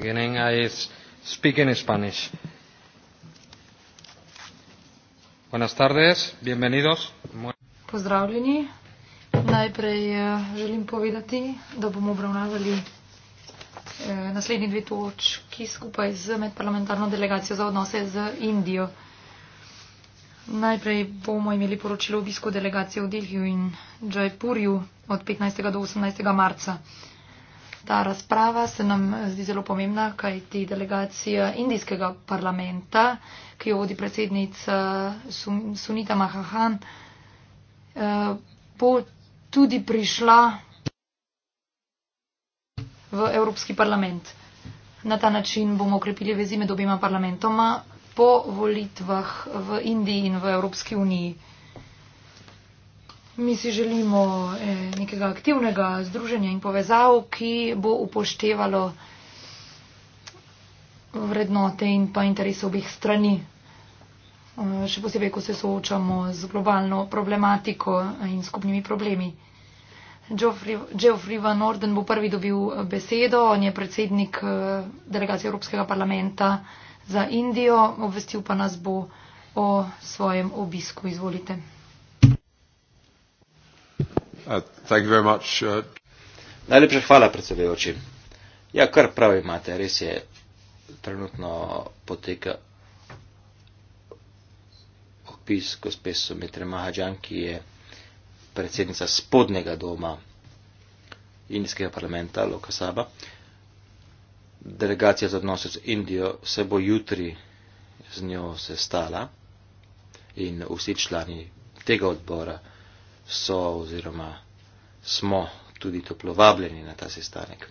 beginning I speak in Spanish. Buenas tardes, bienvenidos. Pozdravljeni. Najprej eh, želim povedati, da bomo obravnavali eh, naslednji dve točki skupaj z medparlamentarno delegacijo za odnose z Indijo. Najprej bomo imeli poročilo obisko delegacije v Delhiju in Džajpurju od 15. do 18. marca. Ta razprava se nam zdi zelo pomembna, kaj ti delegacija indijskega parlamenta, ki jo vodi predsednica Sunita Mahahan, eh, bo tudi prišla v Evropski parlament. Na ta način bomo okrepili vezi med obima parlamentoma po volitvah v Indiji in v Evropski uniji. Mi si želimo eh, nekega aktivnega združenja in povezav, ki bo upoštevalo vrednote in pa interese obih strani. Eh, še posebej, ko se soočamo z globalno problematiko in skupnimi problemi. Geoffrey Van Orden bo prvi dobil besedo. On je predsednik eh, delegacije Evropskega parlamenta za Indijo. Obvestil pa nas bo o svojem obisku. Izvolite. Uh, thank you very much. Uh, Najlepša hvala, predsedujoči. Ja, kar pravi imate, res je, trenutno poteka opis gospe Sumitre Mahajan, ki je predsednica spodnega doma indijskega parlamenta Loka Saba. Delegacija za odnose z Indijo se bo jutri z njo sestala in vsi člani tega odbora so oziroma smo tudi toplo vabljeni na ta sestanek.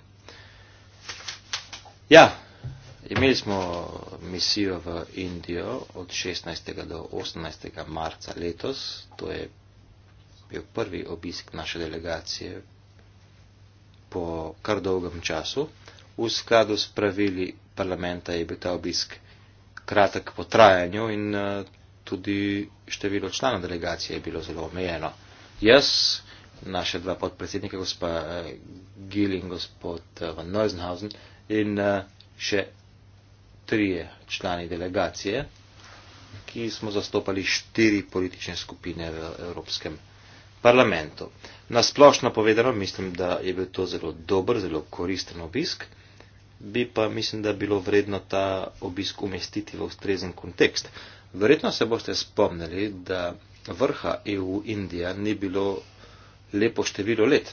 Ja, imeli smo misijo v Indijo od 16. do 18. marca letos. To je bil prvi obisk naše delegacije po kar dolgem času. V skladu s pravili parlamenta je bil ta obisk kratek po trajanju in eh, tudi število člana delegacije je bilo zelo omejeno jaz, naša dva podpredsednika, gospa eh, Gil in gospod eh, Van Neusenhausen in eh, še trije člani delegacije, ki smo zastopali štiri politične skupine v Evropskem parlamentu. Na splošno povedano mislim, da je bil to zelo dober, zelo koristen obisk, bi pa mislim, da bilo vredno ta obisk umestiti v ustrezen kontekst. Verjetno se boste spomnili, da vrha EU-Indija ni bilo lepo število let.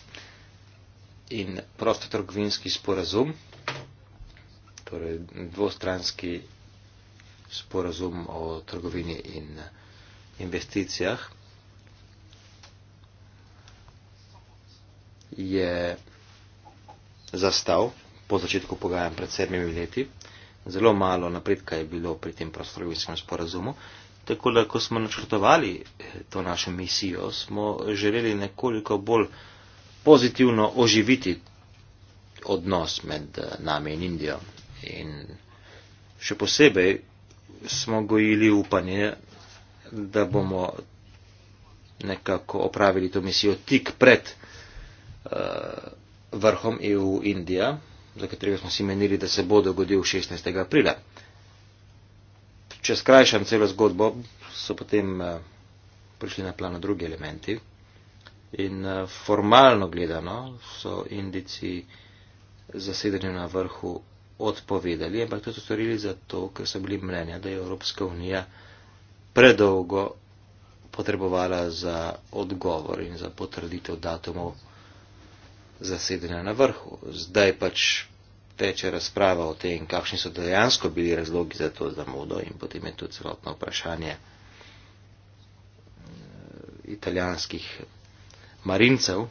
In prostotrgovinski sporazum, torej dvostranski sporazum o trgovini in investicijah, je zastav po začetku pogajanj pred sedmimi leti. Zelo malo napredka je bilo pri tem prostorovinskem sporazumu, Tako da, ko smo načrtovali eh, to našo misijo, smo želeli nekoliko bolj pozitivno oživiti odnos med eh, nami in Indijo. In še posebej smo gojili upanje, da bomo nekako opravili to misijo tik pred uh, vrhom EU-Indija, za katerega smo si menili, da se bo dogodil 16. aprila. Če skrajšam celo zgodbo, so potem eh, prišli na plano drugi elementi in eh, formalno gledano so indici zasedanju na vrhu odpovedali, ampak to so storili zato, ker so bili mnenja, da je Evropska unija predolgo potrebovala za odgovor in za potrditev datumov zasedanja na vrhu. Zdaj pač teče razprava o tem, kakšni so dejansko bili razlogi za to zamudo in potem je tu celotno vprašanje eh, italijanskih marincev.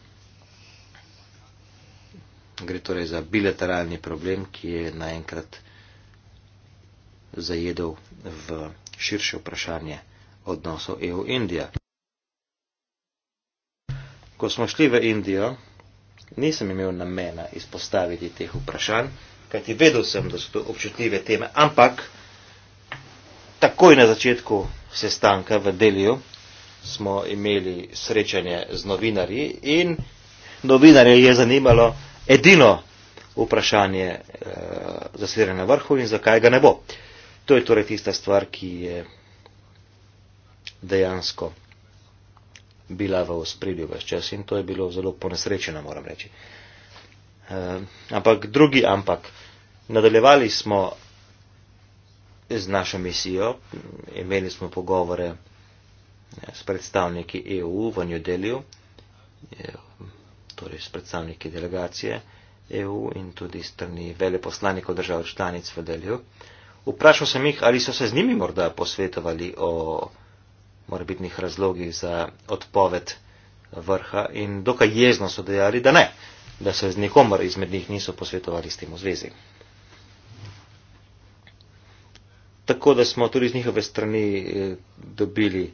Gre torej za bilateralni problem, ki je naenkrat zajedel v širše vprašanje odnosov EU-Indija. Ko smo šli v Indijo, nisem imel namena izpostaviti teh vprašanj, kajti vedel sem, da so to občutljive teme, ampak takoj na začetku sestanka v Deliju smo imeli srečanje z novinarji in novinarje je zanimalo edino vprašanje e, eh, za sredenje na vrhu in zakaj ga ne bo. To je torej tista stvar, ki je dejansko bila v ospredju vse čas in to je bilo zelo ponesrečeno, moram reči. Uh, ampak drugi, ampak nadaljevali smo z našo misijo, imeli smo pogovore eh, s predstavniki EU v New Delhiu, eh, torej s predstavniki delegacije EU in tudi strani veleposlanikov držav članic v Delhiu. Vprašal sem jih, ali so se z njimi morda posvetovali o morbitnih razlogih za odpoved vrha in dokaj jezno so dejali, da ne, da se z nikomor izmed njih niso posvetovali s tem v zvezi. Tako da smo tudi z njihove strani eh, dobili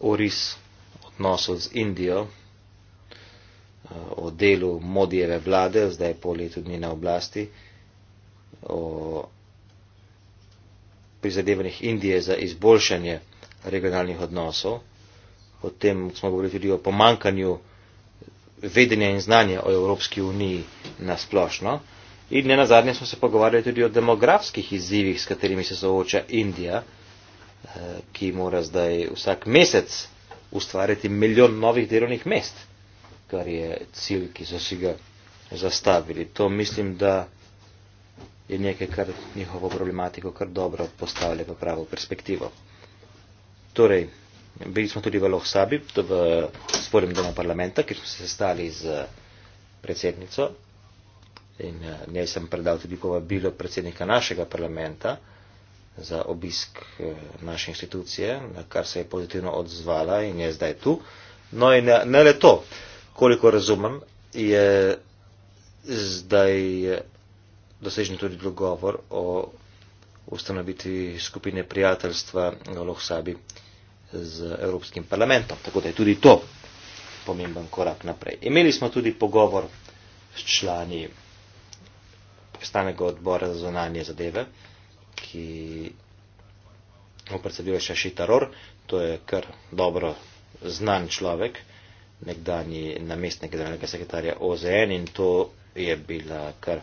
oris odnosov z Indijo, eh, o delu modijeve vlade, zdaj po letu dni na oblasti, o prizadevanjih Indije za izboljšanje regionalnih odnosov, o tem smo govorili tudi o pomankanju vedenja in znanja o Evropski uniji na splošno. In ne nazadnje smo se pogovarjali tudi o demografskih izzivih, s katerimi se sooča Indija, eh, ki mora zdaj vsak mesec ustvariti milijon novih delovnih mest, kar je cilj, ki so si ga zastavili. To mislim, da je nekaj, kar njihovo problematiko kar dobro postavlja v pravo perspektivo. Torej, bili smo tudi v Lohsabi, v svojem domu parlamenta, kjer smo se stali z predsednico in eh, ne sem predal tudi povabilo predsednika našega parlamenta za obisk eh, naše institucije, na kar se je pozitivno odzvala in je zdaj tu. No in eh, ne le to, koliko razumem, je zdaj dosežen tudi dogovor o ustanovitvi skupine prijateljstva v Lohsabi z Evropskim parlamentom. Tako da je tudi to pomemben korak naprej. Imeli smo tudi pogovor s člani stanega odbora za zonanje zadeve, ki opredsedil še Šitaror, to je kar dobro znan človek, nekdani namestnik generalnega sekretarja OZN in to je bila kar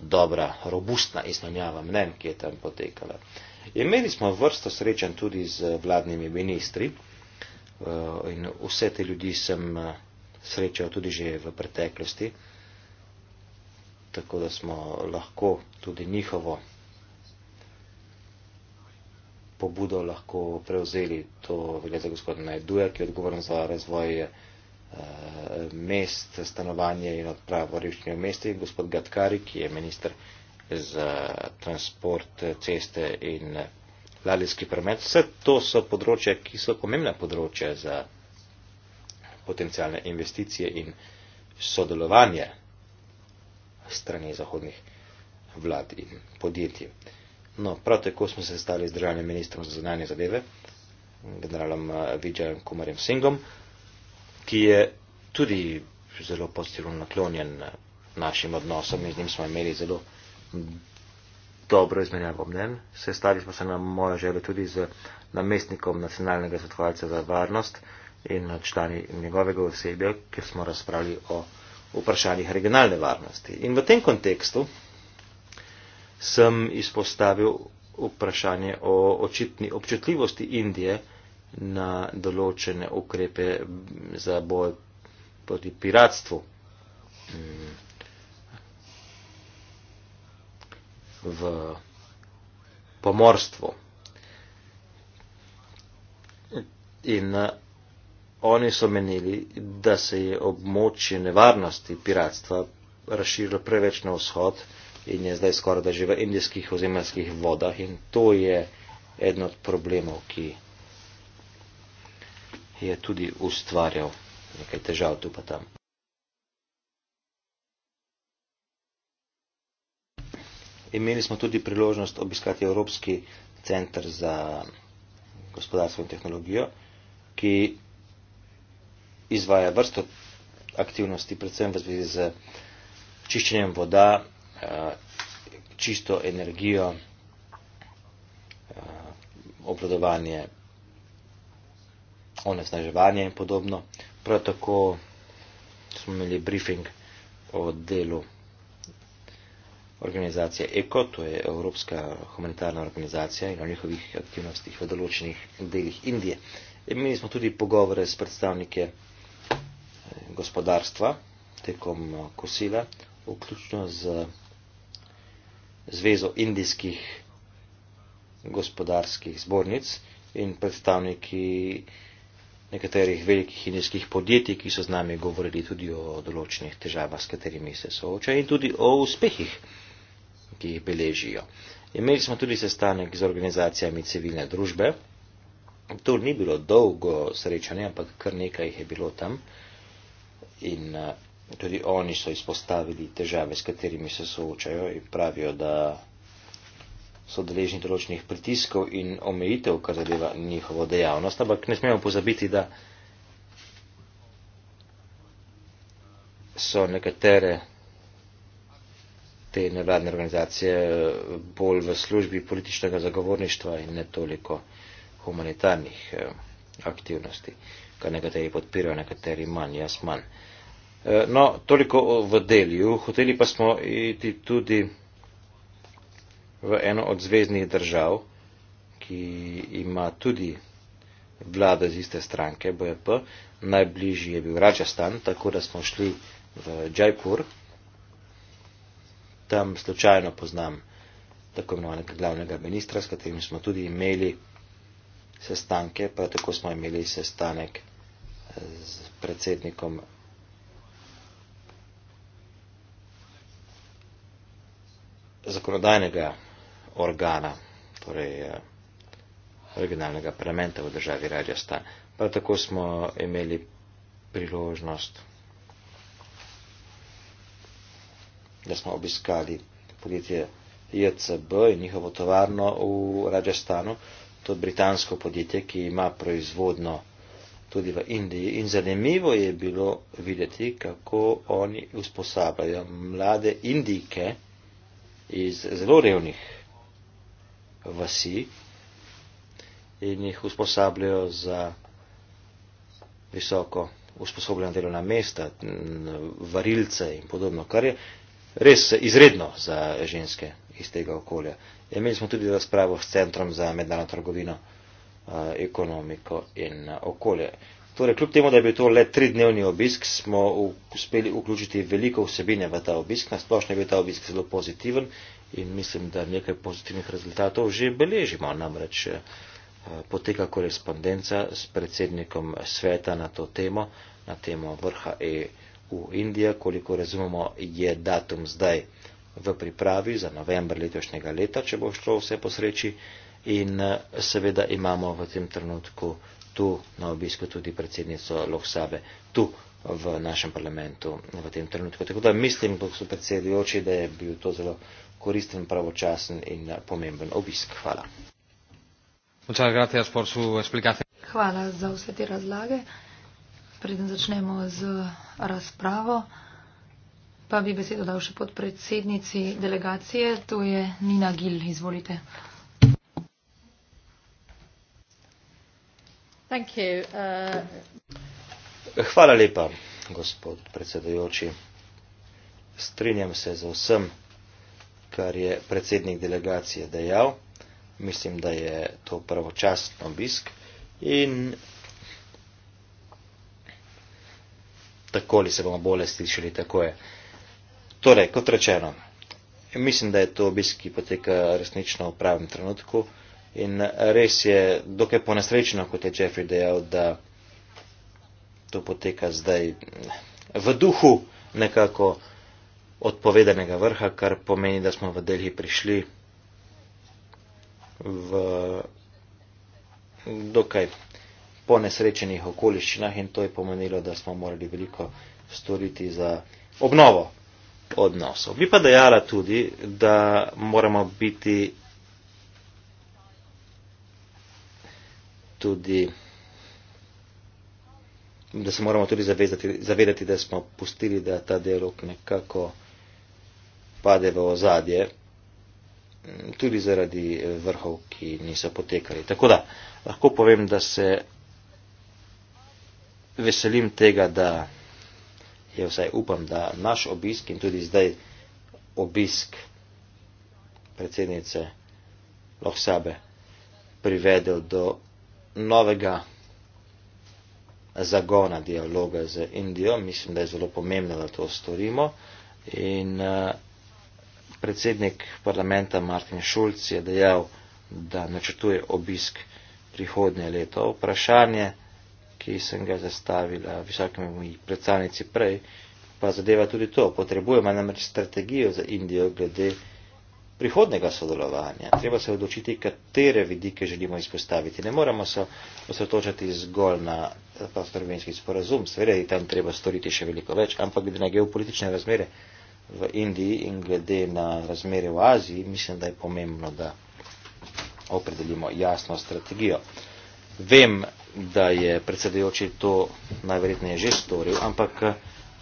dobra, robustna izmenjava mnen, ki je tam potekala. Uh, Imeli smo vrsto srečanj tudi z vladnimi ministri eh, in vse te ljudi sem eh, srečal tudi že v preteklosti, tako da smo lahko tudi njihovo pobudo lahko prevzeli. To velja za gospodina Najduja, ki je odgovoren za razvoj eh, mest, stanovanje in odpravo revščine v mestu in gospod Gatkari, ki je minister za transport, ceste in ladijski promet. Vse to so področja, ki so pomembna področja za potencijalne investicije in sodelovanje strani zahodnih vlad in podjetij. No, prav tako smo se stali z državnim ministrom za zunanje zadeve, generalom eh, Vidžajem Kumarjem Singom, ki je tudi zelo pozitivno naklonjen eh, našim odnosom in z njim smo imeli zelo dobro izmenjavo mnen. Sestali smo se na mojo željo tudi z namestnikom nacionalnega svetovalca za varnost in člani njegovega osebja, kjer smo razpravljali o vprašanjih regionalne varnosti. In v tem kontekstu sem izpostavil vprašanje o očitni občutljivosti Indije na določene ukrepe za boj proti piratstvu. Mm. v pomorstvu. In eh, oni so menili, da se je območje nevarnosti piratstva razširilo preveč na vzhod in je zdaj skoraj da že v indijskih ozemljskih vodah in to je eden od problemov, ki je tudi ustvarjal nekaj težav tu pa tam. imeli smo tudi priložnost obiskati Evropski centr za gospodarstvo in tehnologijo, ki izvaja vrsto aktivnosti, predvsem v zvezi z čiščenjem voda, eh, čisto energijo, eh, obradovanje, onesnaževanje in podobno. Prav tako smo imeli briefing o delu organizacije ECO, to je Evropska humanitarna organizacija in o njihovih aktivnostih v določenih delih Indije. Imeli smo tudi pogovore s predstavnike eh, gospodarstva tekom eh, kosila, vključno z Zvezo indijskih gospodarskih zbornic in predstavniki nekaterih velikih indijskih podjetij, ki so z nami govorili tudi o določenih težavah, s katerimi se soočajo in tudi o uspehih ki jih beležijo. Imeli smo tudi sestanek z organizacijami civilne družbe. To ni bilo dolgo srečanje, ampak kar nekaj jih je bilo tam. In eh, tudi oni so izpostavili težave, s katerimi se soočajo in pravijo, da so deležni določenih pritiskov in omejitev, kar zadeva njihovo dejavnost. Ampak ne smemo pozabiti, da so nekatere te nevladne organizacije eh, bolj v službi političnega zagovorništva in ne toliko humanitarnih eh, aktivnosti, kar nekateri podpirajo, nekateri manj, jaz manj. Eh, no, toliko v delju. Hoteli pa smo iti tudi v eno od zvezdnih držav, ki ima tudi vlade z iste stranke, BJP. Najbližji je bil Rajasthan, tako da smo šli v Džajpur tam slučajno poznam tako imenovanega glavnega ministra, s katerim smo tudi imeli sestanke, prav tako smo imeli sestanek z eh, predsednikom zakonodajnega organa, torej originalnega eh, parlamenta v državi Rajasta. Prav tako smo imeli priložnost da smo obiskali podjetje JCB in njihovo tovarno v Rajastanu, to britansko podjetje, ki ima proizvodno tudi v Indiji. In zanimivo je bilo videti, kako oni usposabljajo mlade indike iz zelo revnih vasi in jih usposabljajo za visoko usposobljena delovna mesta, varilce in podobno, kar je res izredno za ženske iz tega okolja. Imeli smo tudi razpravo s Centrom za mednarodno trgovino, eh, ekonomiko in eh, okolje. Torej, kljub temu, da je bil to le tridnevni obisk, smo uspeli vključiti veliko vsebine v ta obisk. Na splošno je bil ta obisk zelo pozitiven in mislim, da nekaj pozitivnih rezultatov že beležimo. Namreč eh, poteka korespondenca s predsednikom sveta na to temo, na temo vrha EU v Indijo, koliko razumemo, je datum zdaj v pripravi za novembr letošnjega leta, če bo šlo vse po sreči. In eh, seveda imamo v tem trenutku tu na obisku tudi predsednico Loksabe, tu v našem parlamentu v tem trenutku. Tako da mislim, kot so predsedujoči, da je bil to zelo koristen, pravočasen in eh, pomemben obisk. Hvala. Hvala za vse te razlage preden začnemo z razpravo, pa bi besedo dal še podpredsednici delegacije, to je Nina Gil, izvolite. Thank you. Uh... Hvala lepa, gospod predsedujoči. Strinjam se za vsem, kar je predsednik delegacije dejal. Mislim, da je to pravočasen obisk in takoli se bomo bolje slišali, tako je. Torej, kot rečeno, mislim, da je to obisk, ki poteka resnično v pravem trenutku in res je dokaj ponesrečeno, kot je Jeffrey dejal, da to poteka zdaj v duhu nekako odpovedanega vrha, kar pomeni, da smo v Delhi prišli v dokaj po nesrečenih okoliščinah in to je pomenilo, da smo morali veliko storiti za obnovo odnosov. Bi pa dejala tudi, da moramo biti tudi da se moramo tudi zavezati, zavedati, da smo pustili, da ta dialog nekako pade v ozadje, tudi zaradi vrhov, ki niso potekali. Tako da, lahko povem, da se veselim tega, da je vsaj upam, da naš obisk in tudi zdaj obisk predsednice Lohsabe privedel do novega zagona dialoga z Indijo. Mislim, da je zelo pomembno, da to storimo. In eh, predsednik parlamenta Martin Schulz je dejal, da načrtuje obisk prihodnje leto. Vprašanje ki sem ga zastavila visokemu moji predstavnici prej, pa zadeva tudi to. Potrebujemo namreč strategijo za Indijo glede prihodnega sodelovanja. Treba se odločiti, katere vidike želimo izpostaviti. Ne moramo se osredotočati zgolj na prostorovinski sporazum, seveda je tam treba storiti še veliko več, ampak glede na geopolitične razmere v Indiji in glede na razmere v Aziji, mislim, da je pomembno, da opredelimo jasno strategijo. Vem, da je predsedujoči to najverjetneje že storil, ampak eh,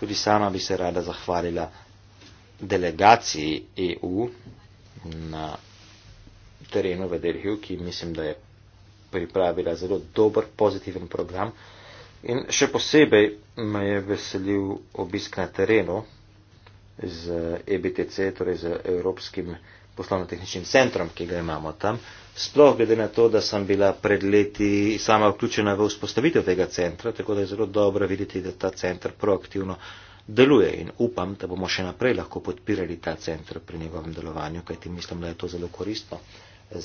tudi sama bi se rada zahvalila delegaciji EU na terenu v Delhiju, ki mislim, da je pripravila zelo dober, pozitiven program. In še posebej me je veselil obisk na terenu z EBTC, torej z Evropskim poslovno-tehničnim centrom, ki ga imamo tam. Sploh glede na to, da sem bila pred leti sama vključena v vzpostavitev tega centra, tako da je zelo dobro videti, da ta center proaktivno deluje in upam, da bomo še naprej lahko podpirali ta center pri njegovem delovanju, kajti mislim, da je to zelo koristno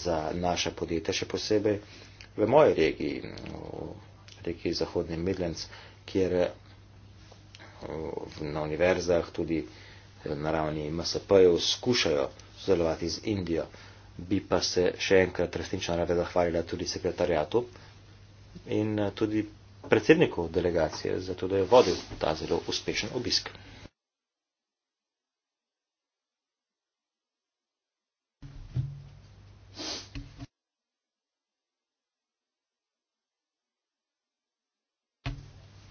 za naše podjetje, še posebej v moji regiji, v regiji Zahodni Midlands, kjer eh, na univerzah tudi eh, na ravni MSP-jev skušajo sodelovati z Indijo. Bi pa se še enkrat resnično rada zahvalila tudi sekretarjatu in eh, tudi predsedniku delegacije za to, da je vodil ta zelo uspešen obisk.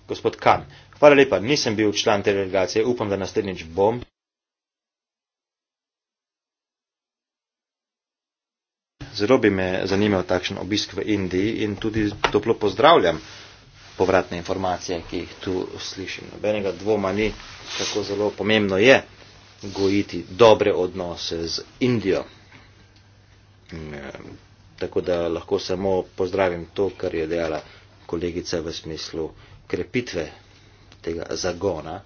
Gospod Kan, hvala lepa, nisem bil član te delegacije, upam, da naslednjič bom. zelo bi me zanimal takšen obisk v Indiji in tudi toplo pozdravljam povratne informacije, ki jih tu slišim. Nobenega dvoma ni, kako zelo pomembno je gojiti dobre odnose z Indijo. Eh, tako da lahko samo pozdravim to, kar je dejala kolegica v smislu krepitve tega zagona.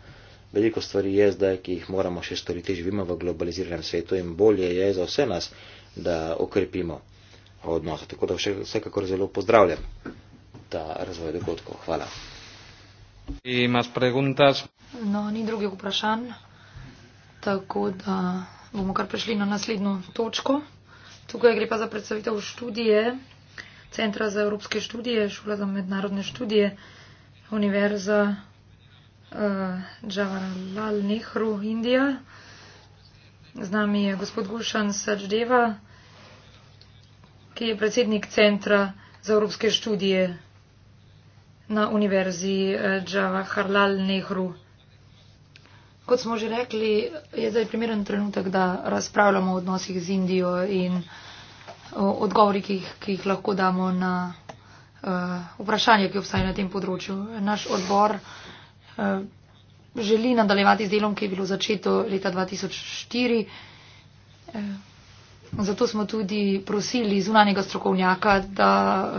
Veliko stvari je zdaj, ki jih moramo še storiti, živimo v globaliziranem svetu in bolje je za vse nas, da okrepimo odnose. Tako da vse, vsekakor zelo pozdravljam ta razvoj dogodkov. Hvala. No, ni drugih vprašanj, tako da bomo kar prešli na naslednjo točko. Tukaj gre pa za predstavitev študije Centra za evropske študije, Šula za mednarodne študije, Univerza uh, eh, Džavaralal Nehru, Indija. Z nami je gospod Gušan Sačdeva ki je predsednik Centra za evropske študije na Univerzi Džavaharlal eh, Nehru. Kot smo že rekli, je zdaj primeren trenutek, da razpravljamo o odnosih z Indijo in o odgovori, ki jih, ki jih lahko damo na uh, eh, vprašanje, ki obstaje na tem področju. Naš odbor uh, želi nadaljevati z delom, ki je bilo začeto leta 2004. Uh, Zato smo tudi prosili zunanjega strokovnjaka, da eh,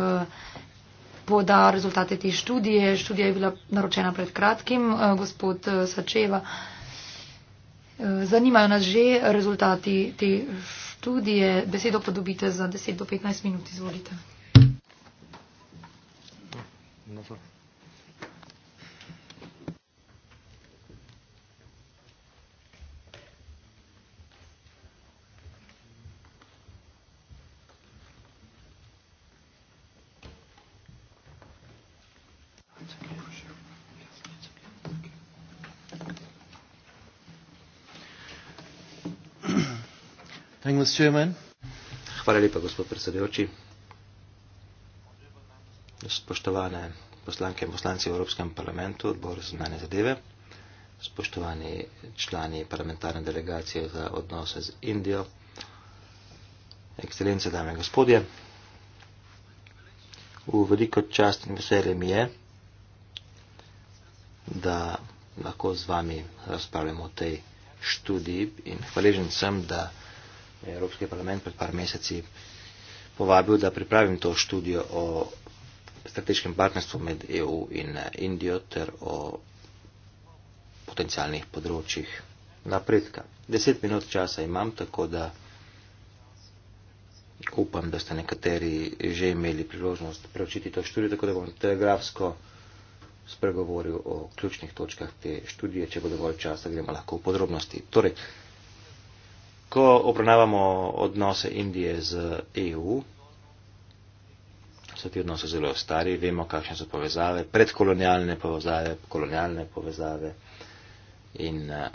poda rezultate te študije. Študija je bila naročena pred kratkim, eh, gospod eh, Sačeva. Zanimajo nas že rezultati te študije. Besedo pa dobite za 10 do 15 minut, izvolite. No, no, no. no. Hvala lepa, gospod predsedujoči. Spoštovane poslanke in poslanci v Evropskem parlamentu, odbor za zunanje zadeve, spoštovani člani parlamentarne delegacije za odnose z Indijo, ekscelence, dame in gospodje. V veliko čast in veselje mi je, da lahko z vami razpravljamo o tej študiji in hvaležen sem, da Evropski parlament pred par meseci povabil, da pripravim to študijo o strateškem partnerstvu med EU in eh, Indijo ter o potencijalnih področjih napredka. Deset minut časa imam, tako da upam, da ste nekateri že imeli priložnost preučiti to študijo, tako da bom telegrafsko spregovoril o ključnih točkah te študije. Če bo dovolj časa, gremo lahko v podrobnosti. Torej, ko obravnavamo odnose Indije z EU, so ti odnose zelo stari, vemo, kakšne so povezave, predkolonialne povezave, kolonialne povezave in uh,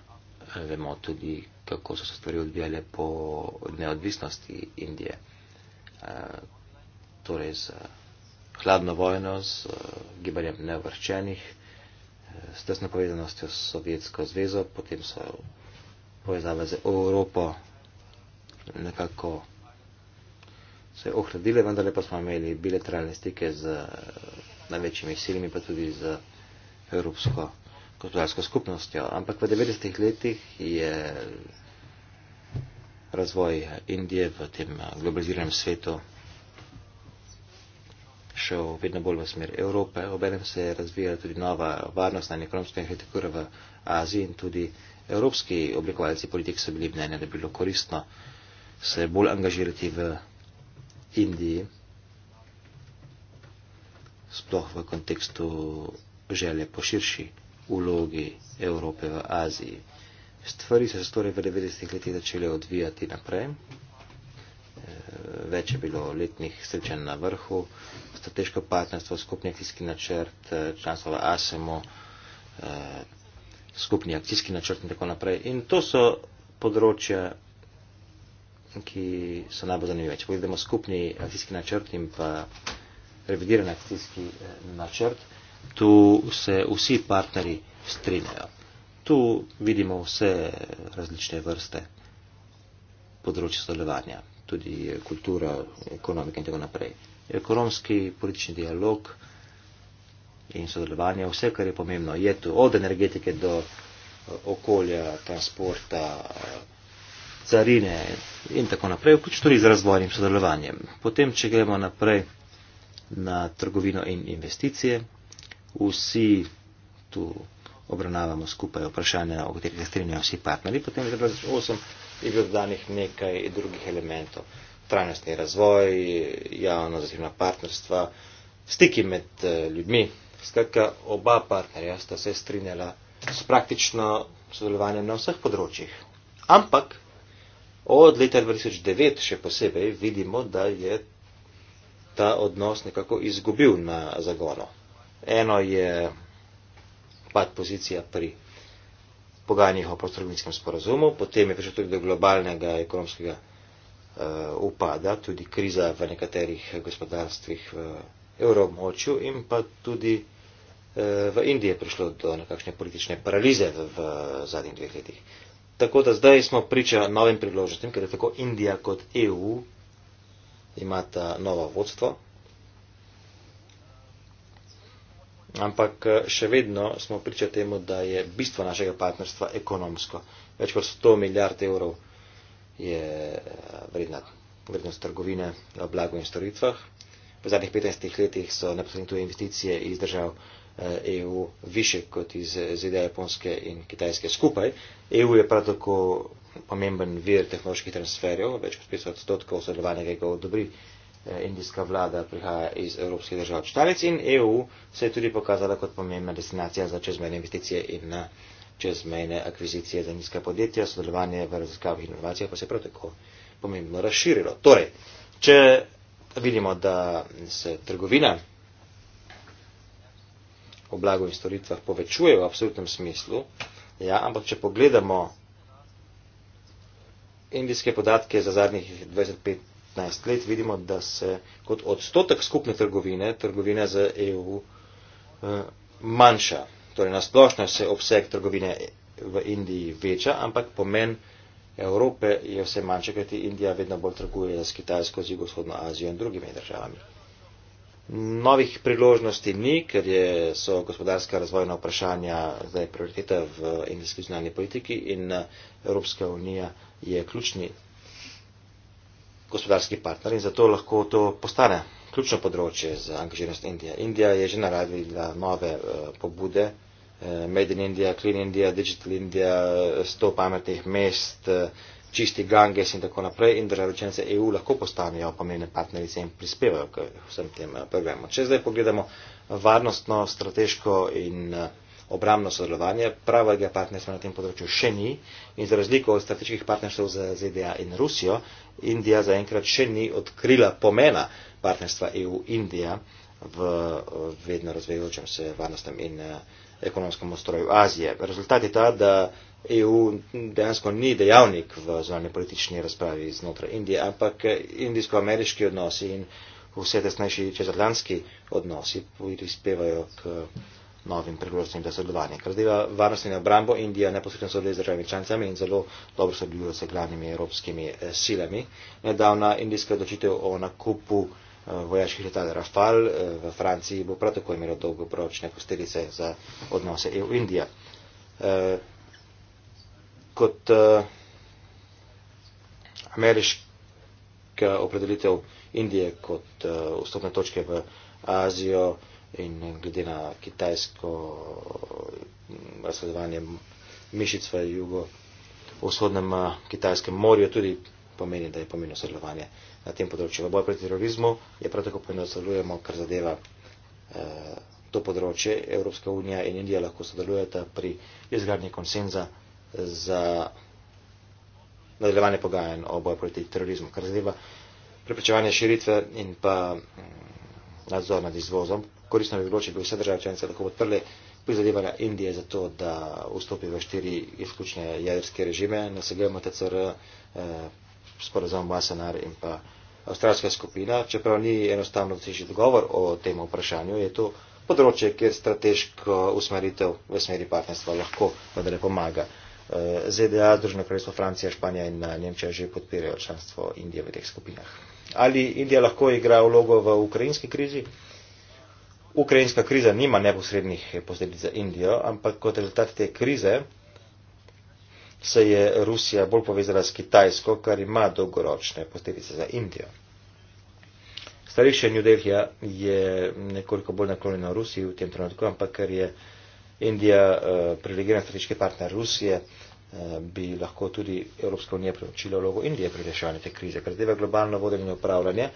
vemo tudi, kako so se stvari odvijale po neodvisnosti Indije. Uh, torej z uh, hladno vojno, z uh, gibanjem nevrčenih, uh, s tesno povezanostjo s Sovjetsko zvezo, potem so. Uh, povezave z Evropo nekako se je ohladile, vendar pa smo imeli bilateralne stike z eh, največjimi silami, pa tudi z Evropsko gospodarsko skupnostjo. Ampak v 90. letih je razvoj Indije v tem eh, globaliziranem svetu šel vedno bolj v smer Evrope. Obenem se je razvijala tudi nova varnostna in ekonomska arhitektura v Aziji in tudi evropski oblikovalci politik so bili mnenja, da bi bilo koristno se bolj angažirati v Indiji, sploh v kontekstu želje po širši ulogi Evrope v Aziji. Stvari so se torej v 90-ih letih začele odvijati naprej. Več je bilo letnih srečanj na vrhu, strateško partnerstvo, skupni akcijski načrt, članstvo v ASEMO, skupni akcijski načrt in tako naprej. In to so področja, ki so najbolj zanimive. Če pogledamo skupni akcijski načrt in pa revidirani akcijski eh, načrt, tu se vsi partnerji strinjajo. Tu vidimo vse različne vrste področja sodelovanja, tudi kultura, ekonomika in tako naprej. Ekonomski, politični dialog, in sodelovanja, vse, kar je pomembno, je tu od energetike do eh, okolja, transporta, eh, carine in tako naprej, vključno tudi z razvojnim sodelovanjem. Potem, če gremo naprej na trgovino in investicije, vsi tu obravnavamo skupaj vprašanja, o katerih se strinjajo vsi partnerji, potem v 2008 je bilo danih nekaj drugih elementov. Trajnostni razvoj, javno zasebna partnerstva, stiki med eh, ljudmi, Skratka, oba partnerja sta se strinjala s praktično sodelovanjem na vseh področjih. Ampak od leta 2009 še posebej vidimo, da je ta odnos nekako izgubil na zagono. Eno je pad pozicija pri pogajanjih o prostorovinskem sporazumu, potem je prišlo tudi do globalnega ekonomskega uh, upada, tudi kriza v nekaterih gospodarstvih v evroobmočju in pa tudi v Indiji je prišlo do nekakšne politične paralize v, v zadnjih dveh letih. Tako da zdaj smo priča novim priložnostim, ker je tako Indija kot EU imata novo vodstvo. Ampak eh, še vedno smo priča temu, da je bistvo našega partnerstva ekonomsko. Več kot 100 milijard evrov je eh, vredna, vrednost trgovine v blagu in storitvah. V zadnjih 15 letih so neposredne tuje investicije iz držav EU eh, e višek kot iz ZDA, e, Japonske in Kitajske skupaj. EU je prav tako pomemben vir tehnoloških transferjev, več kot 500 odstotkov sodelovanja, ki ga odobri eh, indijska vlada, prihaja iz evropskih držav članic in EU se je tudi pokazala kot pomembna destinacija za čezmejne investicije in na čezmejne akvizicije za nizka podjetja. Sodelovanje v raziskavah in inovacijah pa se je prav tako pomembno razširilo. Torej, če vidimo, da se trgovina o blagu in storitvah povečuje v absolutnem smislu, ja, ampak če pogledamo indijske podatke za zadnjih 25-15 let, vidimo, da se kot odstotek skupne trgovine, trgovina za EU, eh, manjša. Torej, nasplošno se obseg trgovine v Indiji veča, ampak pomen Evrope je vse manjše, kajti Indija vedno bolj trguje z Kitajsko, z Jugoshodno Azijo in drugimi državami. Novih priložnosti ni, ker je, so gospodarska razvojna vprašanja zdaj prioriteta v indijski zunanji politiki in eh, Evropska unija je ključni gospodarski partner in zato lahko to postane ključno področje za angažiranost Indije. Indija je že naradila nove uh, pobude, uh, Made in India, Clean India, Digital India, 100 pametnih mest. Uh, čisti ganges in tako naprej in države učence EU lahko postanejo pomembne partnerice in prispevajo k vsem tem eh, programom. Če zdaj pogledamo varnostno, strateško in eh, obramno sodelovanje, pravega partnerstva na tem področju še ni in za razliko od strateških partnerstv za ZDA in Rusijo, Indija zaenkrat še ni odkrila pomena partnerstva EU-Indija v vedno razvijajočem se varnostnem in eh, ekonomskem ustroju Azije. Rezultat je ta, da EU dejansko ni dejavnik v zvanje politični razpravi znotraj Indije, ampak indijsko-ameriški odnosi in vse tesnejši čezatlantski odnosi prispevajo k novim priložnostim za sodelovanje. Kar zdaj varnost in obrambo, Indija neposredno sodeluje z državami članicami in zelo dobro sodeluje s glavnimi evropskimi eh, silami. Nedavna indijska odločitev o nakupu eh, vojaških letal Rafal eh, v Franciji bo prav tako imela dolgoročne posledice za odnose EU-Indija kot uh, ameriška opredelitev Indije kot uh, vstopne točke v Azijo in glede na kitajsko eh, razvedovanje mišic v jugo-vzhodnem kitajskem morju, tudi pomeni, da je pomenilo sodelovanje na tem področju. V boju proti terorizmu je prav tako poenostavljujemo, kar zadeva eh, to področje. Evropska unija in Indija lahko sodelujeta pri izgradnji konsenza za nadaljevanje pogajanj o boju proti terorizmu, kar zadeva preprečevanje širitve in pa mm, nadzor nad izvozom. Korisno bi bilo, če bi vse države članice lahko podprle prizadevanja Indije za to, da vstopi v štiri izključne jedrske režime, nasegljamo TCR, eh, sporozum Basenar in pa avstralska skupina. Čeprav ni enostavno doseči dogovor o tem vprašanju, je to področje, kjer strateško usmeritev v smeri partnerstva lahko vendarle pomaga. Eh, ZDA, Združeno kraljestvo Francija, Španija in eh, Nemčija že podpirajo članstvo Indije v teh skupinah. Ali Indija lahko igra vlogo v ukrajinski krizi? Ukrajinska kriza nima neposrednih eh, posledic za Indijo, ampak kot rezultat te krize se je Rusija bolj povezala s Kitajsko, kar ima dolgoročne posledice za Indijo. Stališče New Delhija je nekoliko bolj naklonjeno Rusiji v tem trenutku, ampak ker je Indija, eh, privilegiran strateški partner Rusije, eh, bi lahko tudi Evropska unija preučila vlogo Indije pri reševanju te krize, ker zdaj je globalno vodenje upravljanje.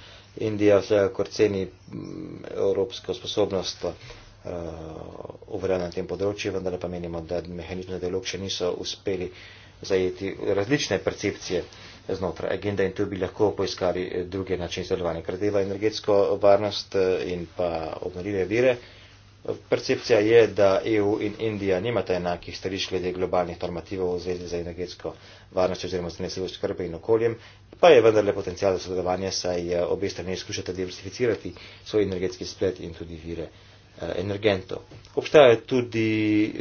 Indija vse, kot ceni mm, evropsko sposobnost, eh, uvrljena na tem področju, vendar pa menimo, da mehanizme za dialog še niso uspeli zajeti različne percepcije znotraj agenda in tu bi lahko poiskali druge načine sodelovanja. Kar zadeva energetsko varnost in pa obnovljive vire. Percepcija je, da EU in Indija nimata enakih stališč glede globalnih normativov v zvezi za energetsko varnost oziroma zanesljivost skrbe in okoljem, pa je vendarle potencial za sodelovanje, saj eh, obe strani skušata diversificirati svoj energetski splet in tudi vire eh, energentov. Obstaja tudi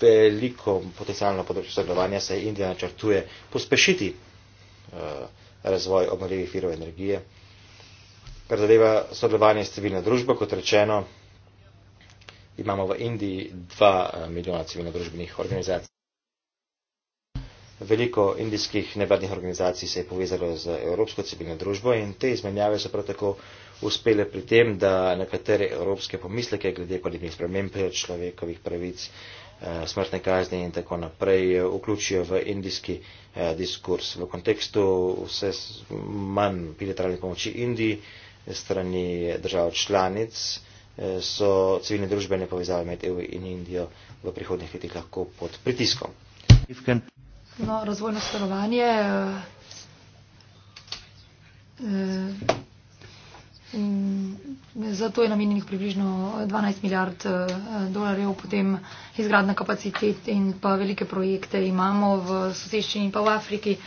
veliko potencialno področje sodelovanja, saj Indija načrtuje pospešiti eh, razvoj obnovljivih virov energije. Kar zadeva sodelovanje s civilno družbo, kot rečeno, imamo v Indiji dva eh, milijona civilno-družbenih organizacij. Veliko indijskih nevladnih organizacij se je povezalo z Evropsko civilno družbo in te izmenjave so prav tako uspele pri tem, da nekatere evropske pomisleke glede podnebnih sprememb, človekovih pravic, eh, smrtne kazni in tako naprej eh, vključijo v indijski diskurs. V kontekstu vse manj bilateralne pomoči Indiji strani držav članic, Eh, so civilne družbene povezave med EU in Indijo v prihodnih letih lahko pod pritiskom. No, razvojno sodelovanje. Eh, eh, zato je namenjenih približno 12 milijard dolarjev, potem izgradna kapacitet in pa velike projekte imamo v soseščini in pa v Afriki.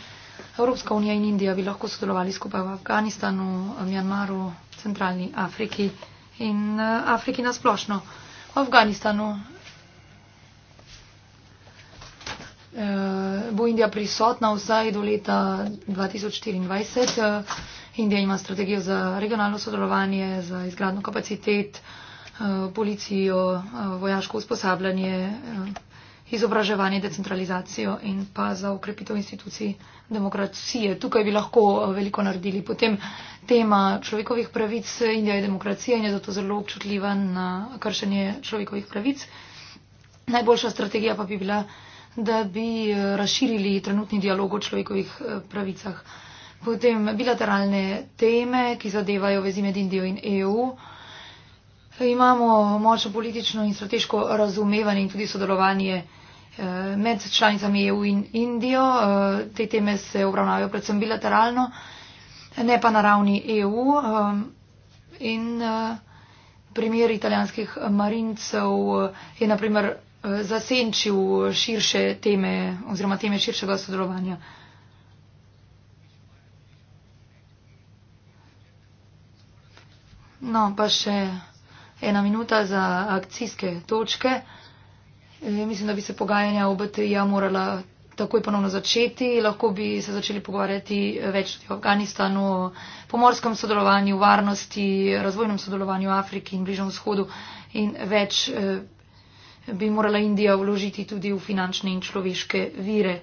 Evropska unija in Indija bi lahko sodelovali skupaj v Afganistanu, Mjanmaru, centralni Afriki in eh, Afriki na splošno. V Afganistanu eh, bo Indija prisotna vsaj do leta 2024. Eh, Indija ima strategijo za regionalno sodelovanje, za izgradno kapacitet, policijo, vojaško usposabljanje izobraževanje, decentralizacijo in pa za ukrepitev institucij demokracije. Tukaj bi lahko eh, veliko naredili. Potem tema človekovih pravic, Indija je demokracija in je zato zelo občutljiva na kršenje človekovih pravic. Najboljša strategija pa bi bila, da bi eh, razširili trenutni dialog o človekovih eh, pravicah. Potem bilateralne teme, ki zadevajo vezi med Indijo in EU. Imamo močno politično in strateško razumevanje in tudi sodelovanje eh, med članicami EU in Indijo. Eh, te teme se obravnavajo predvsem bilateralno, ne pa na ravni EU. Eh, in primer italijanskih marincev je naprimer zasenčil širše teme oziroma teme širšega sodelovanja. No, pa še ena minuta za akcijske točke. E, mislim, da bi se pogajanja o BTI-ja morala takoj ponovno začeti. Lahko bi se začeli pogovarjati več tudi o Afganistanu, o pomorskem sodelovanju, varnosti, razvojnem sodelovanju v Afriki in Bližnjem vzhodu in več e, bi morala Indija vložiti tudi v finančne in človeške vire,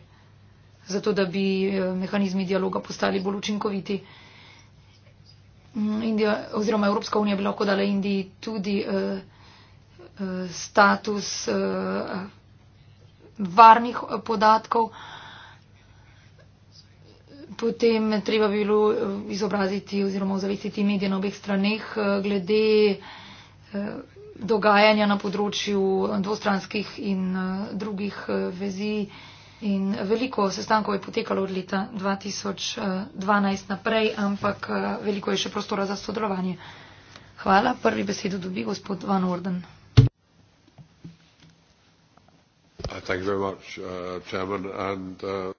zato da bi e, mehanizmi dialoga postali bolj učinkoviti. Mm, Indija oziroma Evropska unija bi lahko dala Indiji tudi uh, uh, status uh, varnih podatkov. Potem treba bi bilo izobraziti oziroma ozavestiti medije na obeh straneh uh, glede uh, dogajanja na področju dvostranskih in uh, drugih uh, vezi. Uh, In veliko sestankov je potekalo od leta 2012 eh, naprej, ampak eh, veliko je še prostora za sodelovanje. Hvala. Prvi besedo dobi gospod Van Orden. Uh, much, uh, and, uh...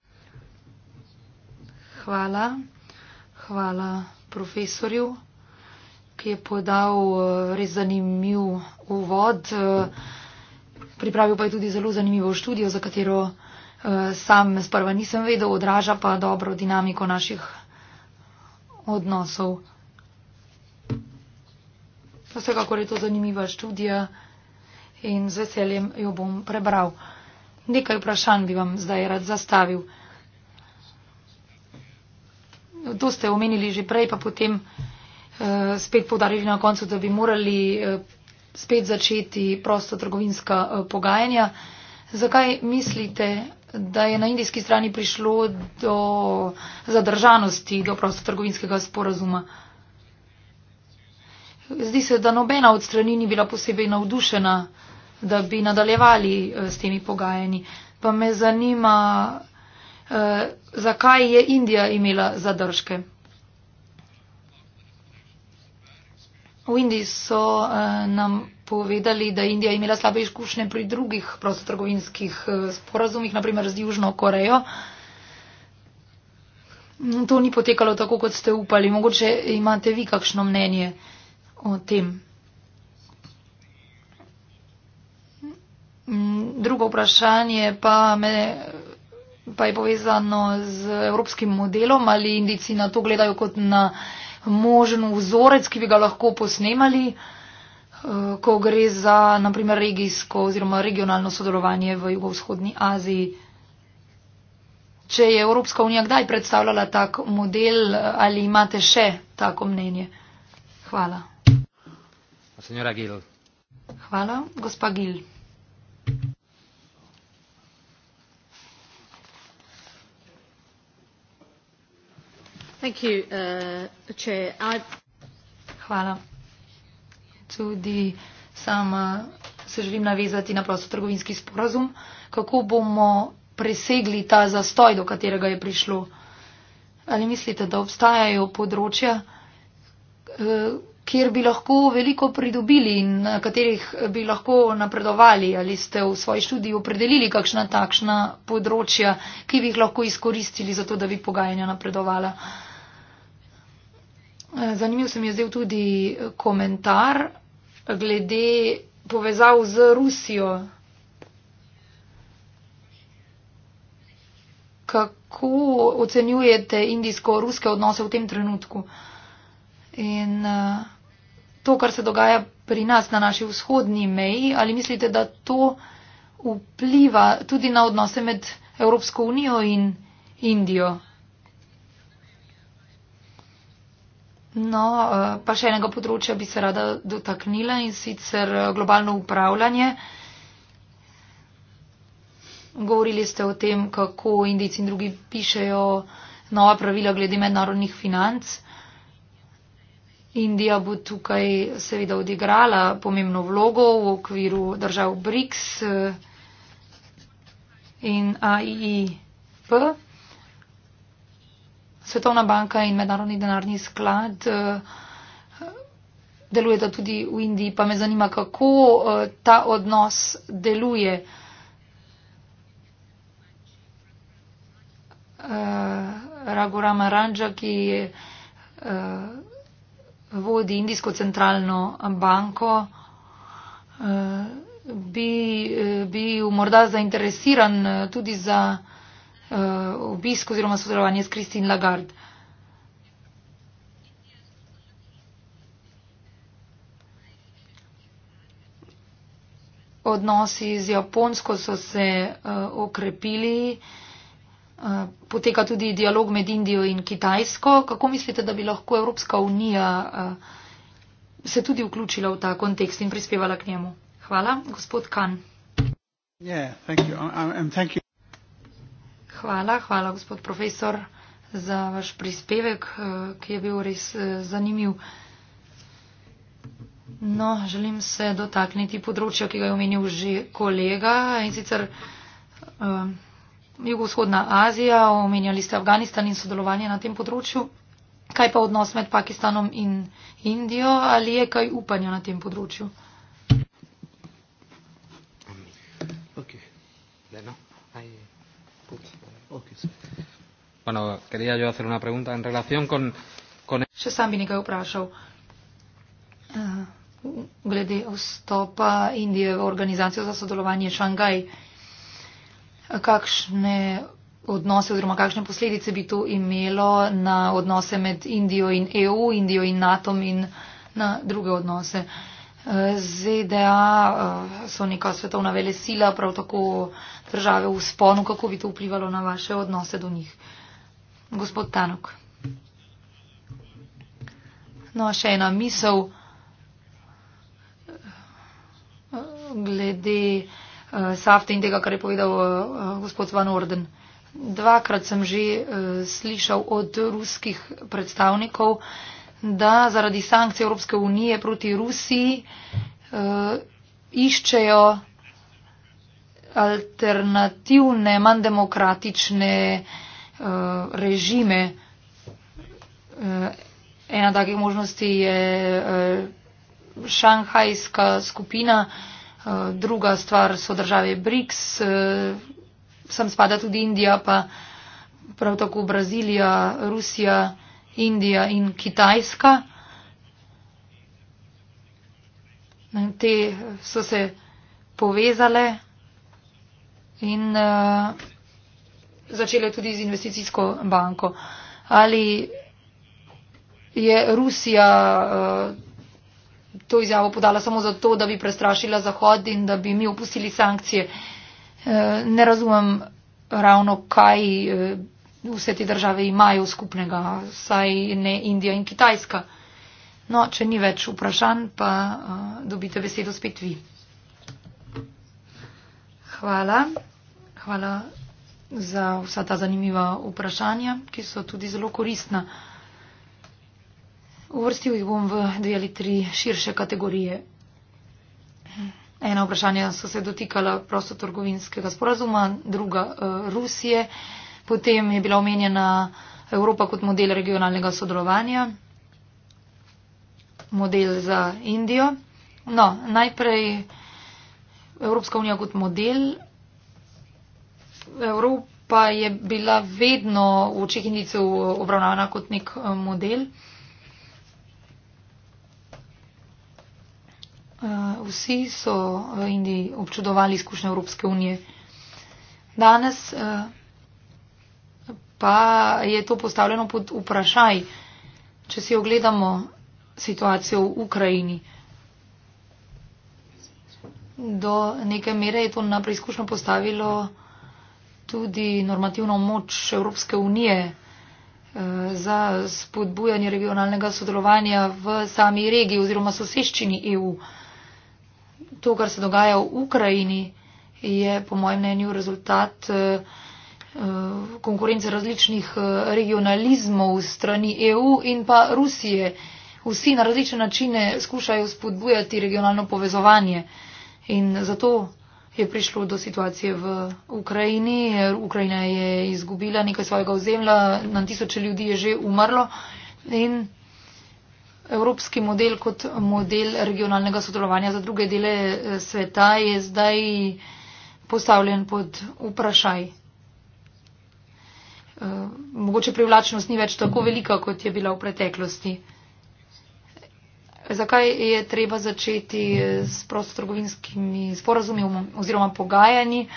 Hvala. Hvala profesorju, ki je podal eh, res zanimiv uvod. Pripravil pa je tudi zelo zanimivo študijo, za katero sam sprva nisem vedel, odraža pa dobro dinamiko naših odnosov. Vsekakor je to zanimiva študija in z veseljem jo bom prebral. Nekaj vprašanj bi vam zdaj rad zastavil. To ste omenili že prej, pa potem eh, spet podarili na koncu, da bi morali eh, spet začeti prostotrgovinska eh, pogajanja. Zakaj mislite, da je na indijski strani prišlo do zadržanosti, do prostotrgovinskega sporazuma. Zdi se, da nobena od strani ni bila posebej navdušena, da bi nadaljevali eh, s temi pogajanji. Pa me zanima, eh, zakaj je Indija imela zadržke. V Indiji so uh, nam povedali, da Indija je imela slabe izkušnje pri drugih prostotrgovinskih eh, sporazumih, naprimer z Južno Korejo. To ni potekalo tako, kot ste upali. Mogoče imate vi kakšno mnenje o tem. Drugo vprašanje pa, me, pa je povezano z evropskim modelom. Ali Indici na to gledajo kot na možen vzorec, ki bi ga lahko posnemali, eh, ko gre za naprimer regijsko oziroma regionalno sodelovanje v jugovzhodni Aziji. Če je Evropska unija kdaj predstavljala tak model eh, ali imate še tako mnenje? Hvala. Hvala, gospa Gil. Uh, Hvala. Tudi sam se želim navezati na prostotrgovinski sporazum. Kako bomo presegli ta zastoj, do katerega je prišlo? Ali mislite, da obstajajo področja, eh, kjer bi lahko veliko pridobili in na katerih bi lahko napredovali? Ali ste v svoji študiji opredelili kakšna takšna področja, ki bi jih lahko izkoristili za to, da bi pogajanja napredovala? Uh, Zanimiv se mi je zdel tudi eh, komentar glede povezav z Rusijo. Kako ocenjujete indijsko-ruske odnose v tem trenutku? In eh, to, kar se dogaja pri nas na naši vzhodni meji, ali mislite, da to vpliva tudi na odnose med Evropsko unijo in Indijo? No, eh, pa še enega področja bi se rada dotaknila in sicer eh, globalno upravljanje. Govorili ste o tem, kako Indijci in drugi pišejo nova pravila glede mednarodnih financ. Indija bo tukaj seveda odigrala pomembno vlogo v okviru držav BRICS eh, in AIIP. Svetovna banka in Mednarodni denarni sklad eh, delujeta tudi v Indiji, pa me zanima, kako eh, ta odnos deluje. Eh, Ragurama Ranja, ki vodi Indijsko centralno banko, bi bil morda zainteresiran tudi za uh, obisk oziroma sodelovanje s Kristin Lagarde. Odnosi z Japonsko so se uh, okrepili, uh, poteka tudi dialog med Indijo in Kitajsko. Kako mislite, da bi lahko Evropska unija uh, se tudi vključila v ta kontekst in prispevala k njemu? Hvala, gospod Khan. Yeah, Hvala, hvala gospod profesor za vaš prispevek, eh, ki je bil res eh, zanimiv. No, želim se dotakniti področja, ki ga je omenil že kolega in sicer uh, jugovzhodna Azija, omenjali ste Afganistan in sodelovanje na tem področju. Kaj pa odnos med Pakistanom in Indijo? Ali je kaj upanja na tem področju? Uh, Bueno, quería yo hacer una pregunta en relación con... con... Še sam bi nekaj vprašal. Uh, glede vstopa Indije v organizacijo za sodelovanje Šangaj, kakšne odnose oziroma kakšne posledice bi to imelo na odnose med Indijo in EU, Indijo in NATO in na druge odnose? Uh, ZDA eh, so neka svetovna velesila, prav tako države v sponu, kako bi to vplivalo na vaše odnose do njih. Gospod Tanok. No, še ena misel eh, glede eh, SAFTE in tega, kar je povedal gospod Van Orden. Dvakrat sem že slišal od ruskih predstavnikov, da zaradi sankcij Evropske unije proti Rusiji uh, iščejo alternativne, manj demokratične uh, režime. Uh, ena takih možnosti je uh, šanghajska skupina, uh, druga stvar so države BRICS, uh, sem spada tudi Indija, pa prav tako Brazilija, Rusija. Indija in Kitajska. Te so se povezale in uh, začele tudi z investicijsko banko. Ali je Rusija uh, to izjavo podala samo zato, da bi prestrašila Zahod in da bi mi opustili sankcije? Uh, ne razumem ravno, kaj. Uh, vse te države imajo skupnega, saj ne Indija in Kitajska. No, če ni več vprašanj, pa uh, dobite besedo spet vi. Hvala. Hvala za vsa ta zanimiva vprašanja, ki so tudi zelo koristna. Uvrstil jih bom v dve ali tri širše kategorije. Ena vprašanja so se dotikala prostotrgovinskega sporazuma, druga uh, Rusije. Potem je bila omenjena Evropa kot model regionalnega sodelovanja, model za Indijo. No, najprej Evropska unija kot model. Evropa je bila vedno v očeh indicev obravnavana kot nek eh, model. Eh, vsi so v Indiji občudovali izkušnje Evropske unije. Danes eh, pa je to postavljeno pod vprašaj, če si ogledamo situacijo v Ukrajini. Do neke mere je to na preizkušnjo postavilo tudi normativno moč Evropske unije eh, za spodbujanje regionalnega sodelovanja v sami regiji oziroma soseščini EU. To, kar se dogaja v Ukrajini, je po mojem mnenju rezultat eh, Eh, konkurence različnih eh, regionalizmov strani EU in pa Rusije. Vsi na različne načine skušajo spodbujati regionalno povezovanje in zato je prišlo do situacije v Ukrajini. Ukrajina je izgubila nekaj svojega ozemlja, na tisoče ljudi je že umrlo in evropski model kot model regionalnega sodelovanja za druge dele eh, sveta je zdaj postavljen pod vprašaj. Eh, mogoče privlačnost ni več tako velika, kot je bila v preteklosti. Zakaj je treba začeti s prostotrgovinskimi sporazumi oziroma pogajanji?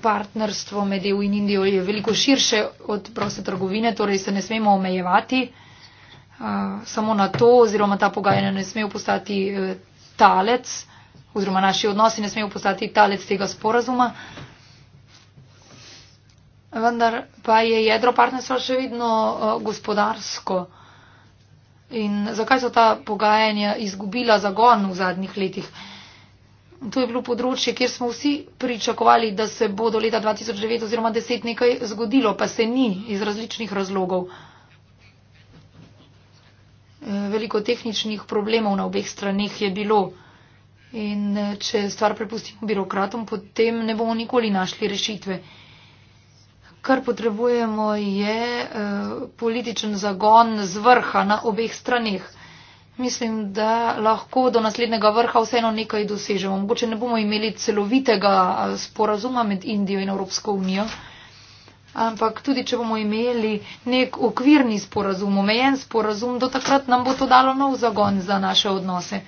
Partnerstvo med EU in Indijo je veliko širše od proste trgovine, torej se ne smemo omejevati eh, samo na to, oziroma ta pogajanja ne smejo postati eh, talec, oziroma naši odnosi ne smejo postati talec tega sporazuma vendar pa je jedro partnerstva še vedno eh, gospodarsko. In zakaj so ta pogajanja izgubila zagon v zadnjih letih? To je bilo področje, kjer smo vsi pričakovali, da se bo do leta 2009 oziroma 2010 nekaj zgodilo, pa se ni iz različnih razlogov. Eh, veliko tehničnih problemov na obeh straneh je bilo. In eh, če stvar prepustimo birokratom, potem ne bomo nikoli našli rešitve kar potrebujemo, je eh, političen zagon z vrha na obeh straneh. Mislim, da lahko do naslednjega vrha vseeno nekaj dosežemo. Mogoče ne bomo imeli celovitega eh, sporazuma med Indijo in Evropsko unijo, ampak tudi, če bomo imeli nek okvirni sporazum, omejen sporazum, do takrat nam bo to dalo nov zagon za naše odnose.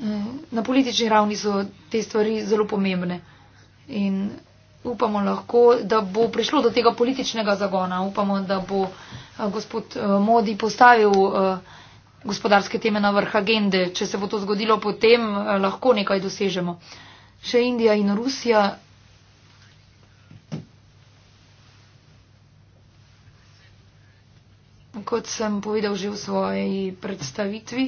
Mm, na politični ravni so te stvari zelo pomembne. In upamo lahko, da bo prišlo do tega političnega zagona. Upamo, da bo eh, gospod eh, Modi postavil eh, gospodarske teme na vrh agende. Če se bo to zgodilo, potem lahko nekaj dosežemo. Še Indija in Rusija. Kot sem povedal že v svoji predstavitvi,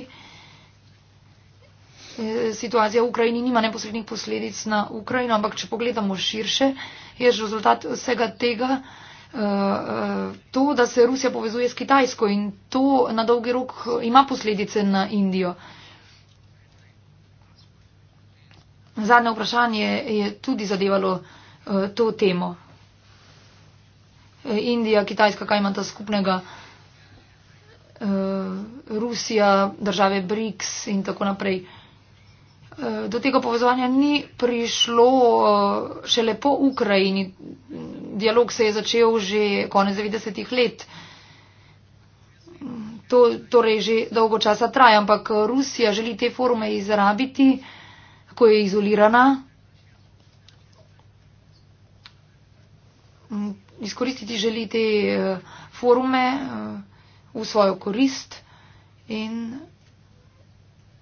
Eh, situacija v Ukrajini nima neposrednih posledic na Ukrajino, ampak če pogledamo širše, je že rezultat vsega tega eh, eh, to, da se Rusija povezuje s Kitajsko in to na dolgi rok ima posledice na Indijo. Zadnje vprašanje je tudi zadevalo to temo. Indija, Kitajska, kaj imata skupnega? Rusija, države BRICS in tako naprej. Eh, do tega povezovanja ni prišlo eh, šele po Ukrajini. Dialog se je začel že konec 90-ih let. To torej že dolgo časa traja, ampak Rusija želi te forume izrabiti, ko je izolirana, izkoristiti želi te eh, forume v svojo korist in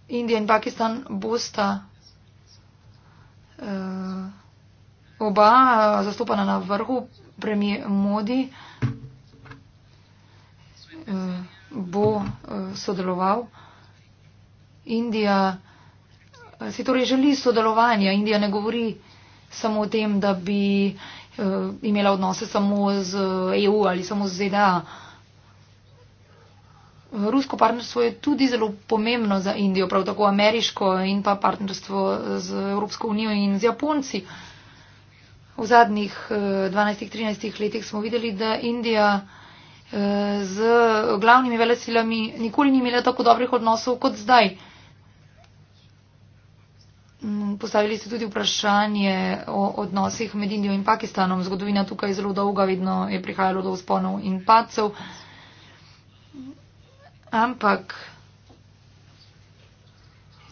Indija in Pakistan bosta uh, oba eh, zastopana na vrhu, premijer Modi uh, bo uh, sodeloval. Indija si torej želi sodelovanja. Indija ne govori samo o tem, da bi uh, imela odnose samo z EU e ali samo z ZDA. Uh, Rusko partnerstvo je tudi zelo pomembno za Indijo, prav tako ameriško in pa partnerstvo z Evropsko unijo in z Japonci. V zadnjih 12-13 eh, letih smo videli, da Indija eh, z glavnimi velesilami nikoli ni imela tako dobrih odnosov kot zdaj. Mm, postavili ste tudi vprašanje o odnosih med Indijo in Pakistanom. Zgodovina tukaj je zelo dolga, vedno je prihajalo do usponov in pacev ampak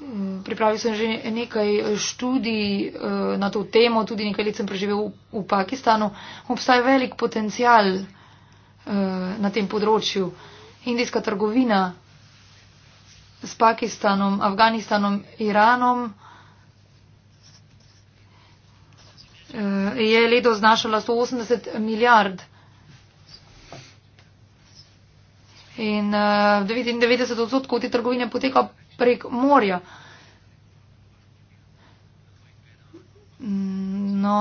mm, pripravil sem že nekaj študij eh, na to temo, tudi nekaj let sem preživel v Pakistanu. Obstaja velik potencial eh, na tem področju. Indijska trgovina s Pakistanom, Afganistanom, Iranom eh, je leto znašala 180 milijard In uh, eh, 99 odstotkov te trgovine poteka prek morja. No,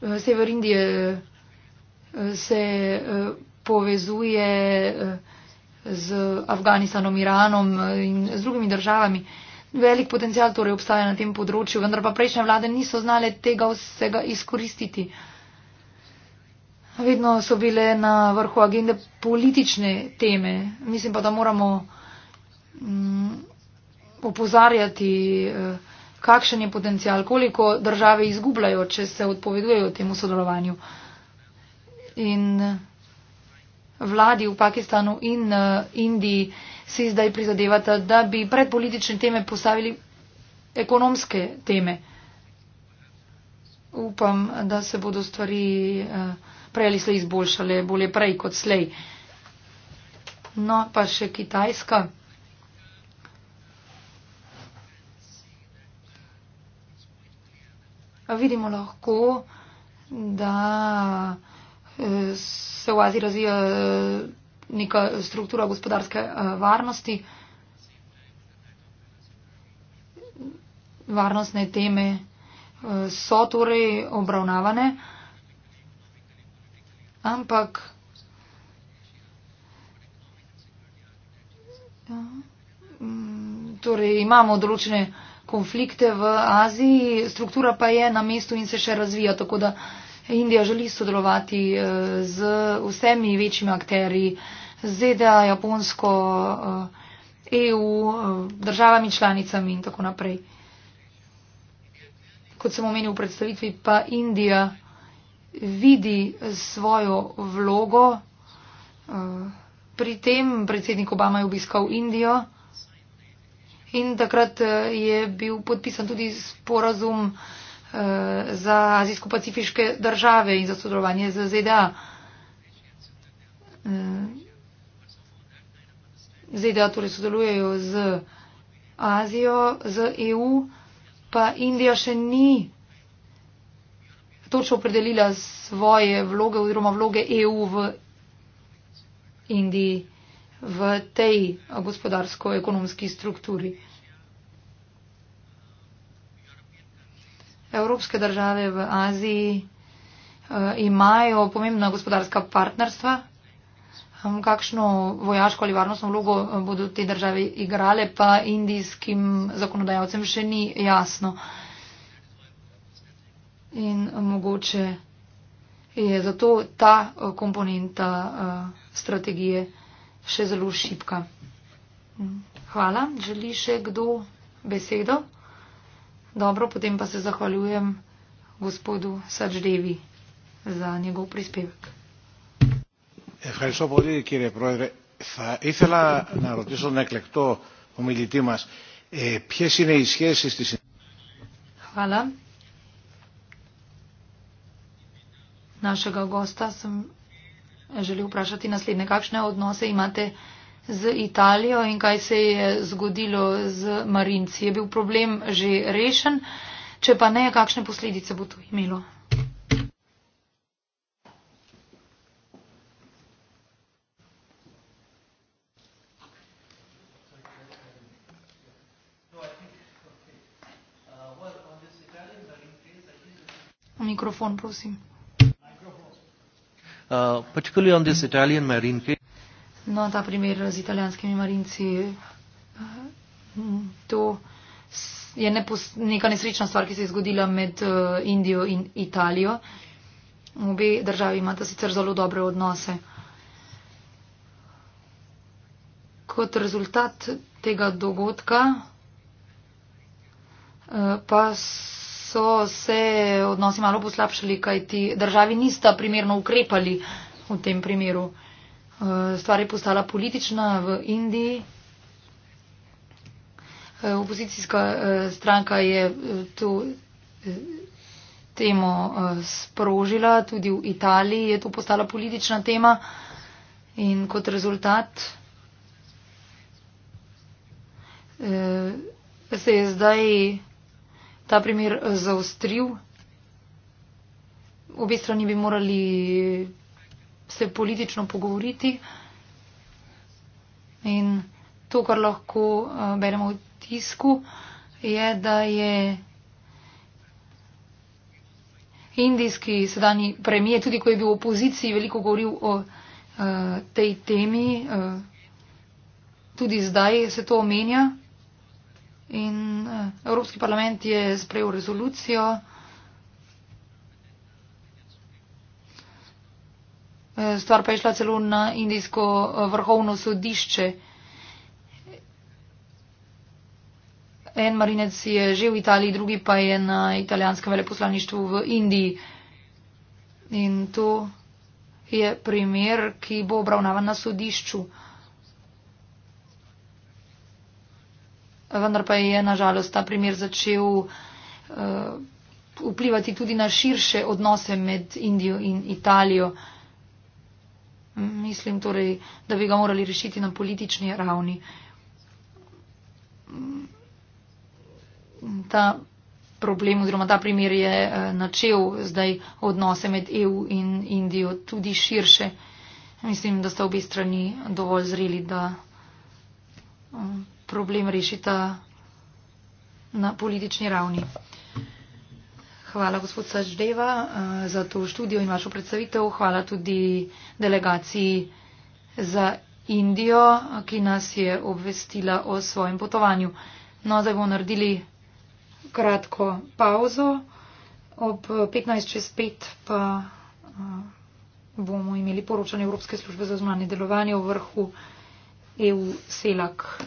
uh, sever Indije uh, se uh, povezuje z Afganistanom, Iranom in z drugimi državami. Velik potencial torej obstaja na tem področju, vendar pa prejšnje vlade niso znale tega vsega izkoristiti. Uh, Vedno so bile na vrhu agende politične teme. Mislim pa, da moramo mm, opozarjati, eh, kakšen je potencial, koliko države izgubljajo, če se odpovedujejo temu sodelovanju. In eh, vladi v Pakistanu in eh, Indiji si zdaj prizadevata, da bi pred politične teme postavili ekonomske teme upam, da se bodo stvari eh, prej ali slej izboljšale, bolje prej kot slej. No, pa še Kitajska. Vidimo lahko, da eh, se v Aziji razvija eh, neka struktura gospodarske varnosti, varnostne teme so torej obravnavane, ampak ja, mm, torej imamo določene konflikte v Aziji, struktura pa je na mestu in se še razvija, tako da Indija želi sodelovati eh, z vsemi večjimi akterji, ZDA, Japonsko, EU, eh, e eh, državami članicami in tako naprej kot sem omenil v predstavitvi, pa Indija vidi svojo vlogo. Eh, pri tem predsednik Obama je obiskal Indijo in takrat eh, je bil podpisan tudi sporazum eh, za azijsko-pacifiške države in za sodelovanje z ZDA. ZDA torej sodelujejo z Azijo, z EU pa Indija še ni točno opredelila svoje vloge oziroma vloge EU v Indiji, v tej gospodarsko-ekonomski strukturi. Evropske države v Aziji uh, imajo pomembna gospodarska partnerstva Um, kakšno vojaško ali varnostno vlogo eh, bodo te države igrale, pa indijskim zakonodajalcem še ni jasno. In mogoče je zato ta eh, komponenta eh, strategije še zelo šipka. Mm, hvala. Želi še kdo besedo? Dobro, potem pa se zahvaljujem gospodu Sačdevi za njegov prispevek. Ευχαριστώ πολύ κύριε Πρόεδρε. Θα ήθελα να ρωτήσω τον εκλεκτό ομιλητή μας ε, ποιες είναι οι σχέσεις της Χαλά. Нашега госта съм жели упрашати на следне. Какшне односе имате з Италио и кај се е згодило з Маринци? Е бил проблем же решен? Че па не, какшне последице бу то имело? Mikrofon, prosim. Uh, no, ta primer z italijanskimi marinci, uh, to je nepos, neka nesrečna stvar, ki se je zgodila med uh, Indijo in Italijo. Obe državi imata sicer zelo dobre odnose. Kot rezultat tega dogodka uh, pa so se odnosi malo poslabšali, kajti državi nista primerno ukrepali v tem primeru. Eh, stvar je postala politična v Indiji. Eh, opozicijska eh, stranka je to temo sprožila, tudi v Italiji je to postala politična tema in kot rezultat se je zdaj ta primer eh, zaostril. Obe strani bi morali se politično pogovoriti in to, kar lahko eh, beremo v tisku, je, da je indijski sedani premije, tudi ko je bil v opoziciji, veliko govoril o uh, tej temi, uh, tudi zdaj se to omenja. In eh, Evropski parlament je sprejel rezolucijo. Eh, stvar pa je šla celo na indijsko eh, vrhovno sodišče. En marinec je že v Italiji, drugi pa je na italijanskem veleposlaništvu v Indiji. In to je primer, ki bo obravnavan na sodišču. vendar pa je nažalost ta primer začel eh, vplivati tudi na širše odnose med Indijo in Italijo. Mislim torej, da bi ga morali rešiti na politični ravni. Ta problem oziroma ta primer je eh, načel zdaj odnose med EU in Indijo tudi širše. Mislim, da sta obe strani dovolj zreli, da eh, problem rešita na politični ravni. Hvala, gospod Sačdeva, eh, za to študijo in vašo predstavitev. Hvala tudi delegaciji za Indijo, ki nas je obvestila o svojem potovanju. No, zdaj bomo naredili kratko pauzo. Ob 15.05 pa eh, bomo imeli poročanje Evropske službe za zunanje delovanje v vrhu EU-SELAK.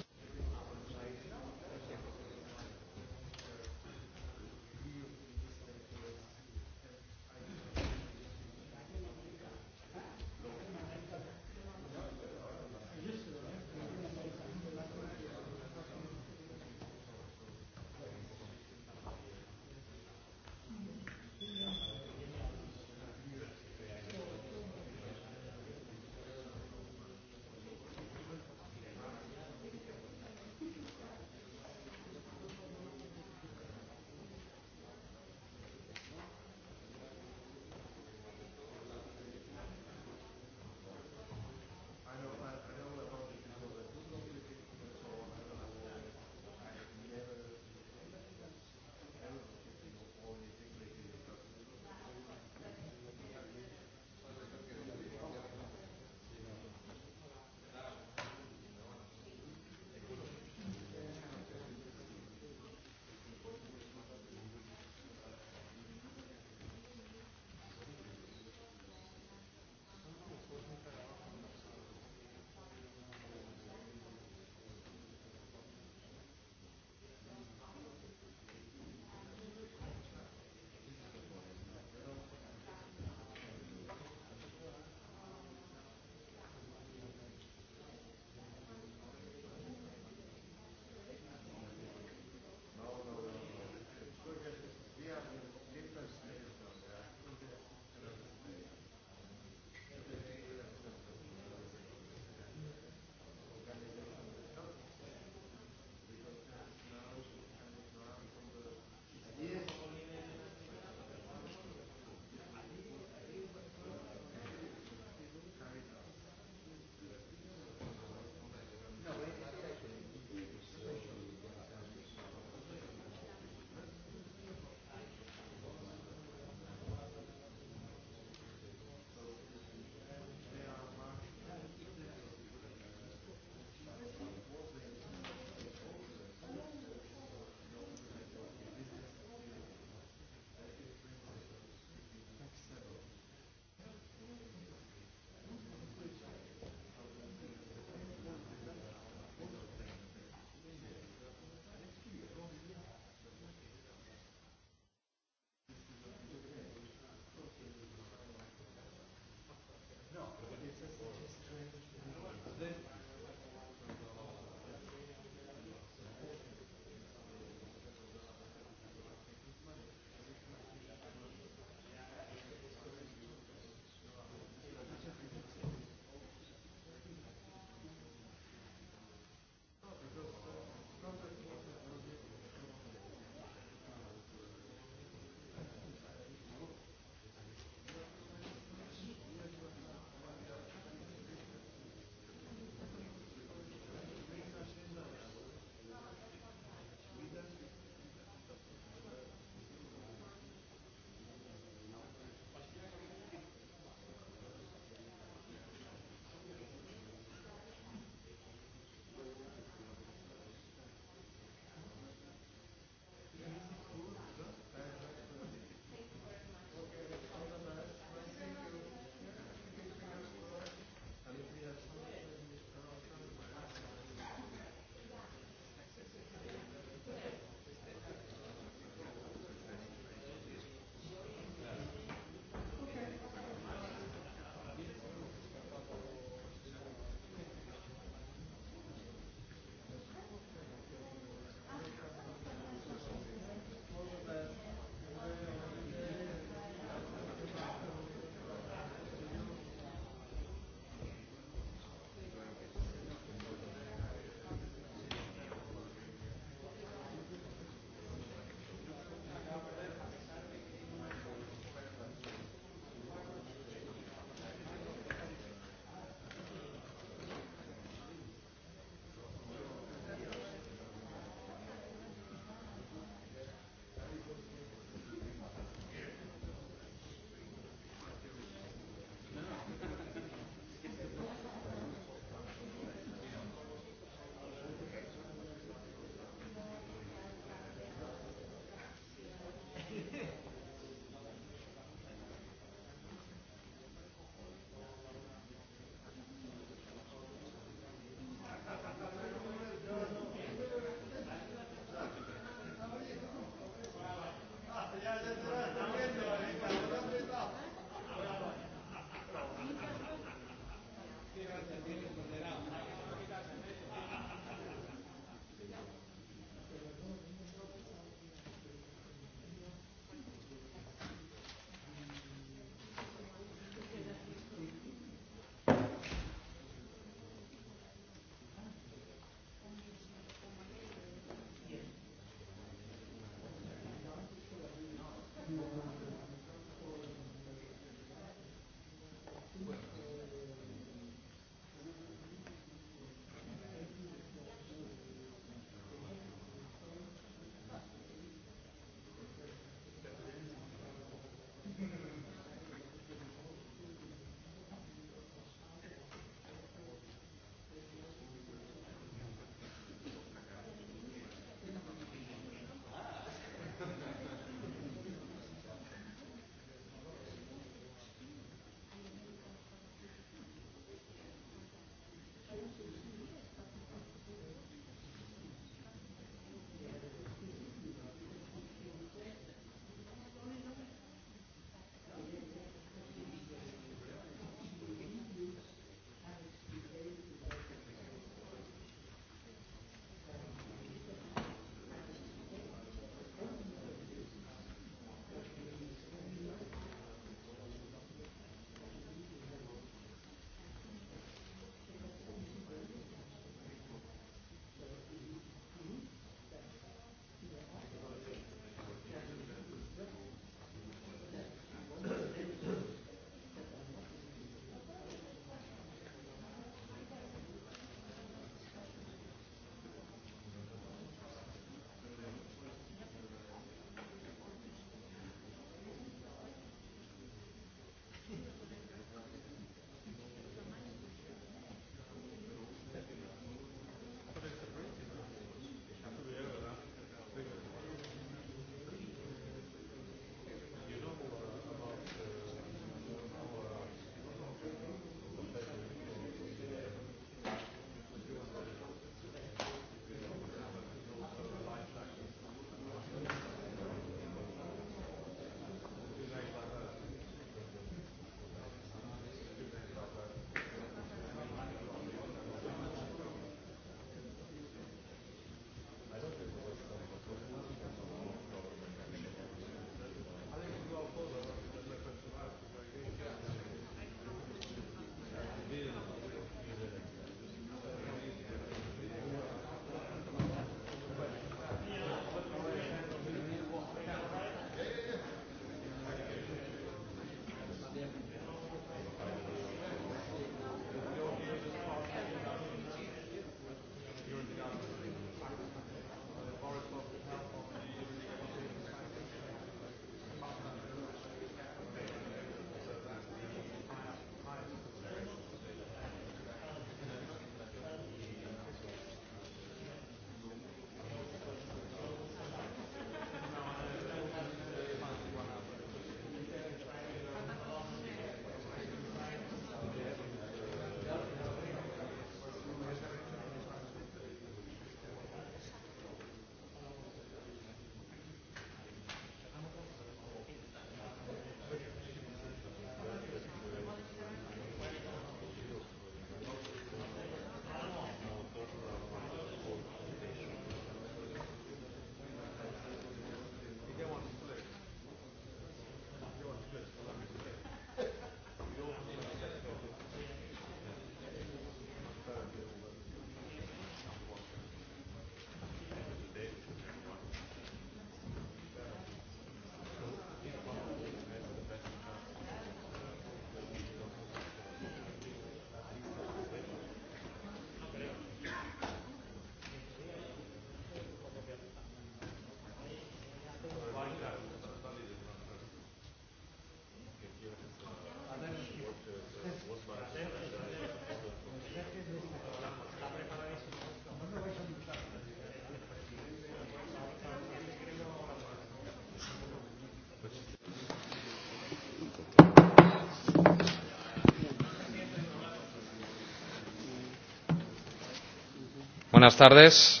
Buenas tardes.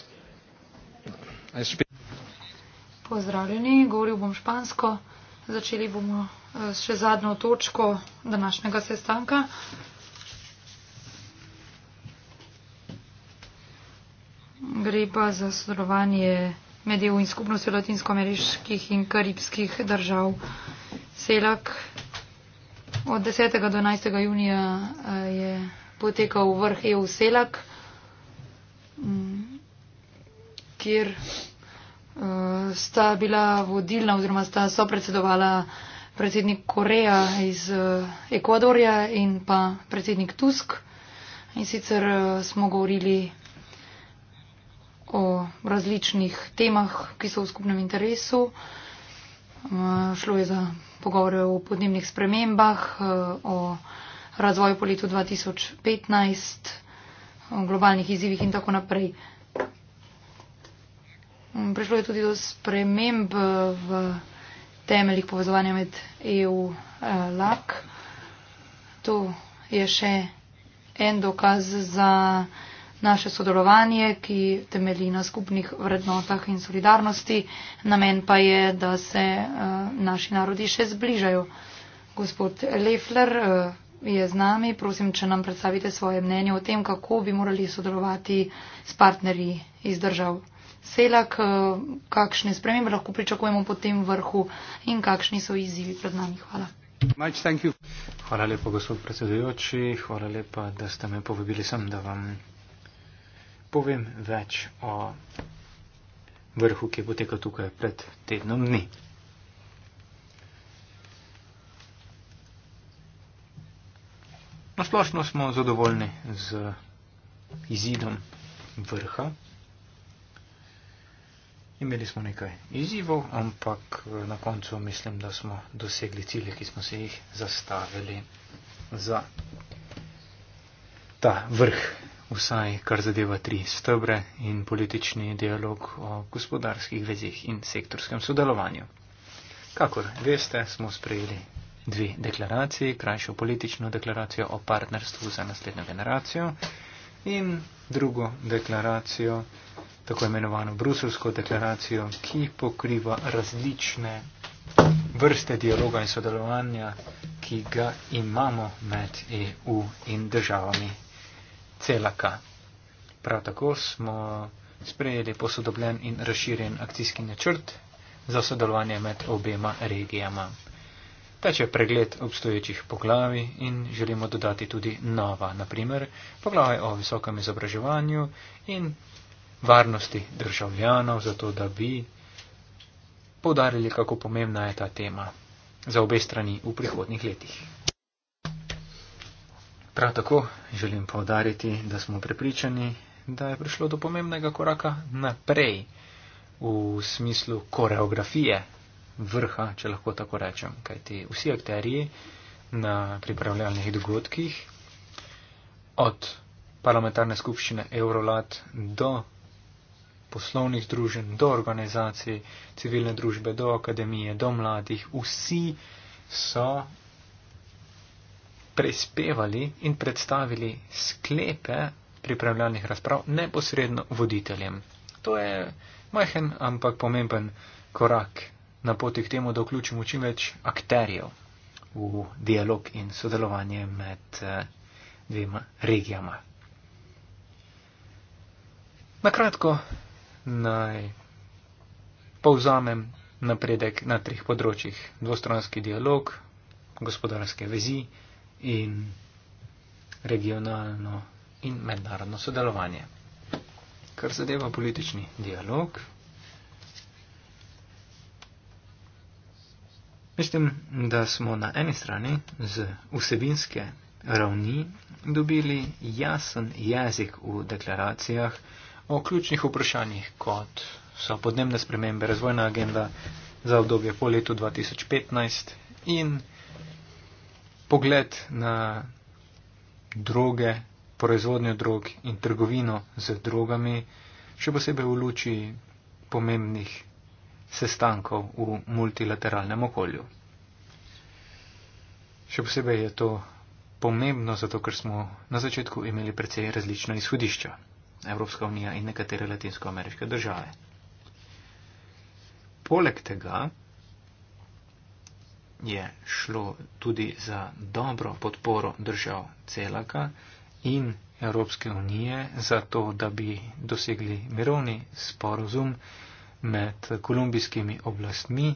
Pozdravljeni, govoril bom špansko. Začeli bomo eh, s še zadnjo točko današnjega sestanka. Gre pa za sodelovanje med EU in skupnostjo latinskoameriških in karibskih držav. Selak od 10. do 11. junija eh, je potekal vrh EU Selak. bila vodilna oziroma sta sopredsedovala predsednik Koreja iz eh, Ekvadorja in pa predsednik Tusk. In sicer eh, smo govorili o različnih temah, ki so v skupnem interesu. Eh, šlo je za pogovore o podnebnih spremembah, o razvoju po letu 2015, o globalnih izzivih in tako naprej. Mm, prišlo je tudi do sprememb v temeljih povezovanja med EU in eh, LAK. To je še en dokaz za naše sodelovanje, ki temelji na skupnih vrednotah in solidarnosti. Namen pa je, da se eh, naši narodi še zbližajo. Gospod Lefler eh, je z nami. Prosim, če nam predstavite svoje mnenje o tem, kako bi morali sodelovati s partnerji iz držav. Selak, kakšne spremembe lahko pričakujemo po tem vrhu in kakšni so izzivi pred nami? Hvala. Much, hvala lepa, gospod predsedujoči. Hvala lepa, da ste me povabili sem, da vam povem več o vrhu, ki je potekal tukaj pred tednom dni. Na splošno smo zadovoljni z izidom vrha. Imeli smo nekaj izzivov, ampak eh, na koncu mislim, da smo dosegli cilje, ki smo se jih zastavili za ta vrh, vsaj kar zadeva tri stebre in politični dialog o gospodarskih vezih in sektorskem sodelovanju. Kakor veste, smo sprejeli dve deklaracije, krajšo politično deklaracijo o partnerstvu za naslednjo generacijo in drugo deklaracijo tako imenovano bruselsko deklaracijo, ki pokriva različne vrste dialoga in sodelovanja, ki ga imamo med EU in državami celaka. Prav tako smo sprejeli posodobljen in razširjen akcijski načrt za sodelovanje med obema regijama. Teče pregled obstoječih poglavi in želimo dodati tudi nova, naprimer poglave o visokem izobraževanju in varnosti državljanov, zato da bi podarili, kako pomembna je ta tema za obe strani v prihodnih letih. Prav tako želim povdariti, da smo prepričani, da je prišlo do pomembnega koraka naprej v smislu koreografije vrha, če lahko tako rečem, kajti vsi akterji na pripravljalnih dogodkih od parlamentarne skupščine Eurolat do poslovnih družen, do organizacij, civilne družbe, do akademije, do mladih, vsi so prispevali in predstavili sklepe pripravljalnih razprav neposredno voditeljem. To je majhen, ampak pomemben korak na poti k temu, da vključimo čim več akterjev v dialog in sodelovanje med eh, dvema regijama. Na kratko, naj povzamem napredek na treh področjih. Dvostranski dialog, gospodarske vezi in regionalno in mednarodno sodelovanje. Kar zadeva politični dialog, mislim, da smo na eni strani z vsebinske ravni dobili jasen jezik v deklaracijah, o ključnih vprašanjih, kot so podnebne spremembe, razvojna agenda za obdobje po letu 2015 in pogled na droge, proizvodnjo drog in trgovino z drogami, še posebej v luči pomembnih sestankov v multilateralnem okolju. Še posebej je to pomembno, zato ker smo na začetku imeli precej različna izhodišča. Evropska unija in nekatere latinskoameriške države. Poleg tega je šlo tudi za dobro podporo držav celaka in Evropske unije za to, da bi dosegli mirovni sporozum med kolumbijskimi oblastmi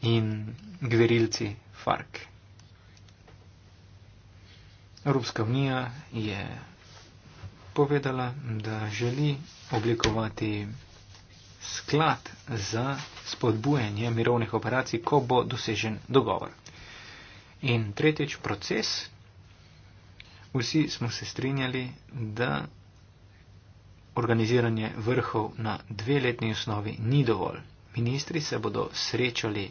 in gverilci FARC. Evropska unija je povedala, da želi oblikovati sklad za spodbujanje mirovnih operacij, ko bo dosežen dogovor. In tretjič, proces. Vsi smo se strinjali, da organiziranje vrhov na dveletni osnovi ni dovolj. Ministri se bodo srečali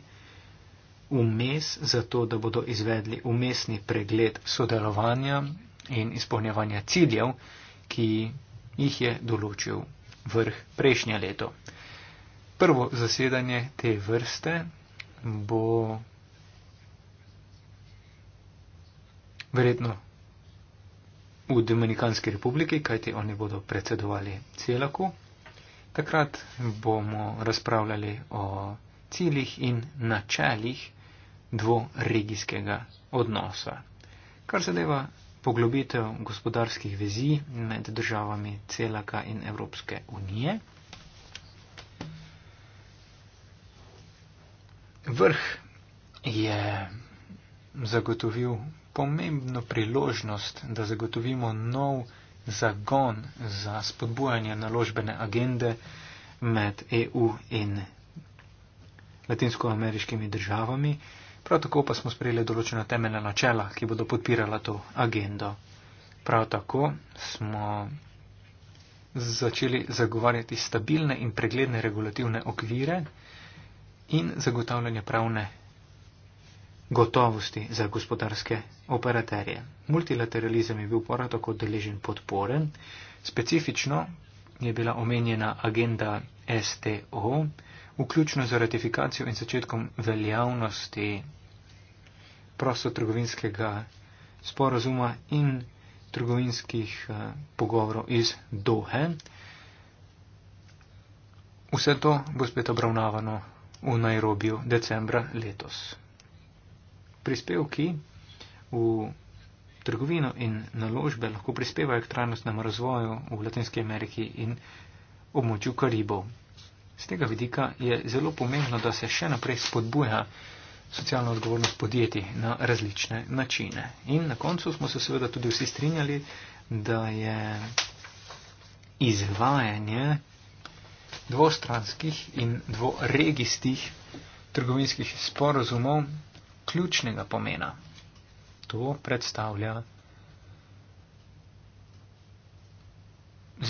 vmes, zato da bodo izvedli umestni pregled sodelovanja in izpolnjevanja ciljev, ki jih je določil vrh prejšnje leto. Prvo zasedanje te vrste bo verjetno v Dominikanski republiki, kajti oni bodo predsedovali celaku. Takrat bomo razpravljali o ciljih in načeljih dvoregijskega odnosa. Kar zadeva poglobitev gospodarskih vezi med državami celaka in Evropske unije. Vrh je zagotovil pomembno priložnost, da zagotovimo nov zagon za spodbujanje naložbene agende med EU in latinskoameriškimi državami. Prav tako pa smo sprejeli določena temeljna načela, ki bodo podpirala to agendo. Prav tako smo začeli zagovarjati stabilne in pregledne regulativne okvire in zagotavljanje pravne gotovosti za gospodarske operaterje. Multilateralizem je bil prav tako deležen podporen. Specifično je bila omenjena agenda STO, vključno z ratifikacijo in začetkom veljavnosti prostotrgovinskega sporazuma in trgovinskih uh, pogovorov iz Dohe. Vse to bo spet obravnavano v Nairobiju decembra letos. Prispevki v trgovino in naložbe lahko prispevajo k trajnostnemu razvoju v Latinski Ameriki in območju Karibov. Z tega vidika je zelo pomembno, da se še naprej spodbuja socialno odgovornost podjetij na različne načine. In na koncu smo se seveda tudi vsi strinjali, da je izvajanje dvostranskih in dvoregijskih trgovinskih sporozumov ključnega pomena. To predstavlja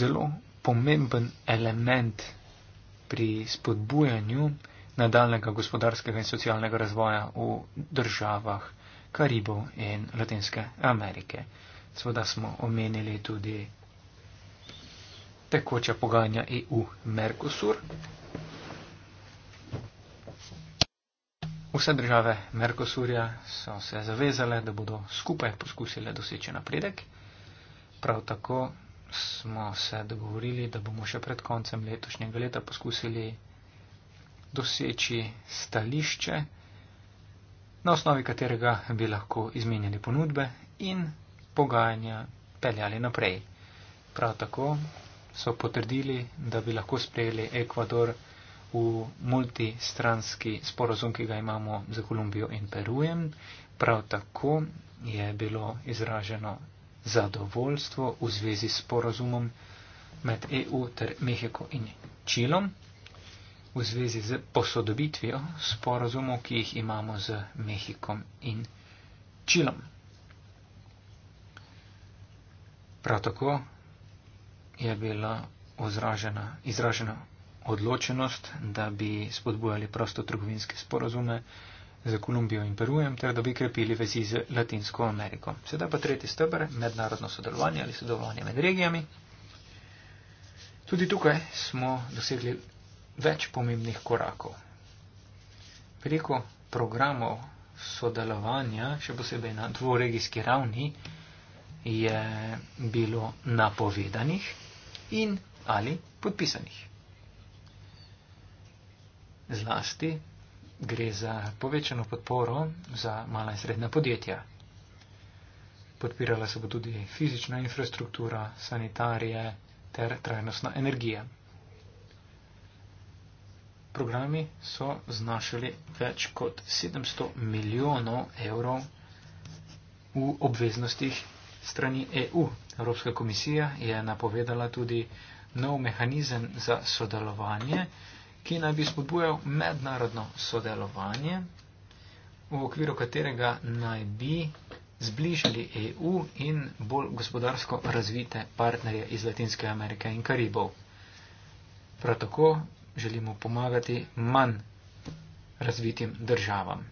zelo pomemben element pri spodbujanju nadaljnega gospodarskega in socialnega razvoja v državah Karibov in Latinske Amerike. Sveda smo omenili tudi tekoča pogajanja EU-Mercosur. Vse države Mercosurja so se zavezale, da bodo skupaj poskusile doseči napredek. Prav tako smo se dogovorili, da bomo še pred koncem letošnjega leta poskusili doseči stališče, na osnovi katerega bi lahko izmenjali ponudbe in pogajanja peljali naprej. Prav tako so potrdili, da bi lahko sprejeli Ekvador v multistranski sporozum, ki ga imamo za Kolumbijo in Perujem. Prav tako je bilo izraženo zadovoljstvo v zvezi s porazumom med EU ter Mehiko in Čilom v zvezi z posodobitvijo sporazumov, ki jih imamo z Mehikom in Čilom. Prav tako je bila ozražena, izražena odločenost, da bi spodbujali prostotrgovinske sporazume z Kolumbijo in Perujem, ter da bi krepili vezi z Latinsko Ameriko. Sedaj pa tretji stebr, mednarodno sodelovanje ali sodelovanje med regijami. Tudi tukaj smo dosegli več pomembnih korakov. Preko programov sodelovanja, še posebej na dvoregijski ravni, je bilo napovedanih in ali podpisanih. Zlasti gre za povečano podporo za mala in srednja podjetja. Podpirala se bo tudi fizična infrastruktura, sanitarije ter trajnostna energija. Programi so znašali več kot 700 milijonov evrov v obveznostih strani EU. Evropska komisija je napovedala tudi nov mehanizem za sodelovanje ki naj bi spodbujal mednarodno sodelovanje, v okviru katerega naj bi zbližali EU in bolj gospodarsko razvite partnerje iz Latinske Amerike in Karibov. Prav tako želimo pomagati manj razvitim državam.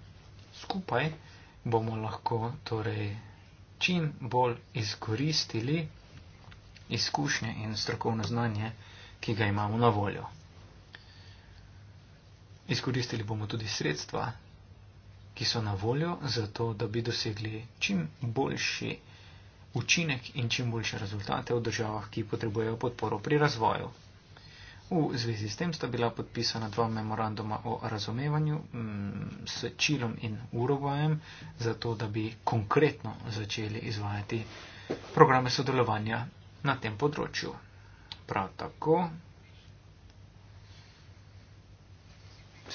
Skupaj bomo lahko torej čim bolj izkoristili izkušnje in strokovno znanje, ki ga imamo na voljo. Izkoristili bomo tudi sredstva, ki so na voljo, zato da bi dosegli čim boljši učinek in čim boljše rezultate v državah, ki potrebujejo podporo pri razvoju. V zvezi s tem sta bila podpisana dva memoranduma o razumevanju mm, s Čilom in Urugvajem, zato da bi konkretno začeli izvajati programe sodelovanja na tem področju. Prav tako.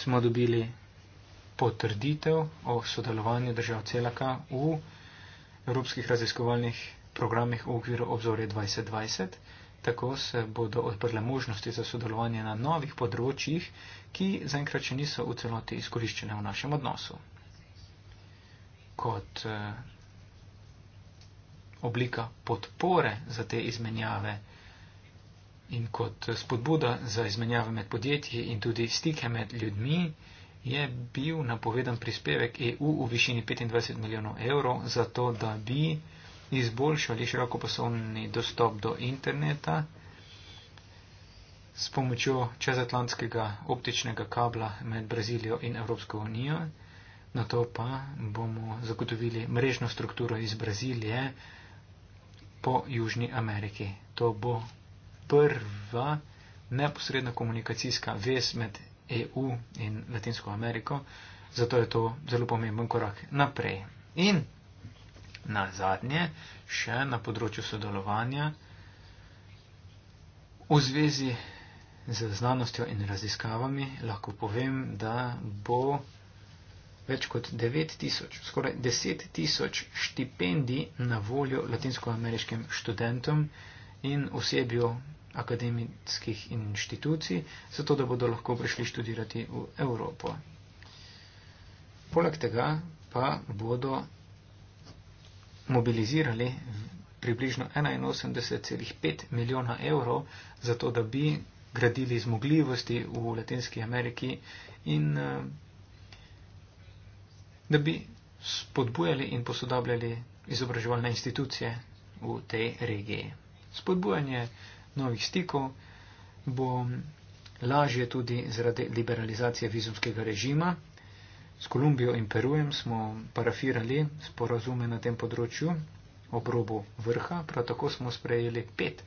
smo dobili potrditev o sodelovanju držav celaka v evropskih raziskovalnih programih v okviru obzorja 2020. Tako se bodo odprle možnosti za sodelovanje na novih področjih, ki zaenkrat še niso v celoti izkoriščene v našem odnosu. Kot eh, oblika podpore za te izmenjave in kot spodbuda za izmenjave med podjetji in tudi stike med ljudmi je bil napovedan prispevek EU v višini 25 milijonov evrov za to, da bi izboljšali širokopasovni dostop do interneta s pomočjo čezatlantskega optičnega kabla med Brazilijo in Evropsko unijo. Na to pa bomo zagotovili mrežno strukturo iz Brazilije po Južni Ameriki. To bo prva neposredna komunikacijska vez med EU in Latinsko Ameriko, zato je to zelo pomemben korak naprej. In na zadnje, še na področju sodelovanja v zvezi z znanostjo in raziskavami, lahko povem, da bo več kot 9000, skoraj 10000 štipendij na voljo latinskoameriškim študentom in osebju akademskih inštitucij, zato da bodo lahko prišli študirati v Evropo. Poleg tega pa bodo mobilizirali približno 81,5 milijona evrov, zato da bi gradili zmogljivosti v Latinski Ameriki in eh, da bi spodbujali in posodabljali izobraževalne institucije v tej regiji. Spodbujanje novih stikov, bo lažje tudi zaradi liberalizacije vizumskega režima. S Kolumbijo in Perujem smo parafirali sporazume na tem področju ob robu vrha, prav tako smo sprejeli pet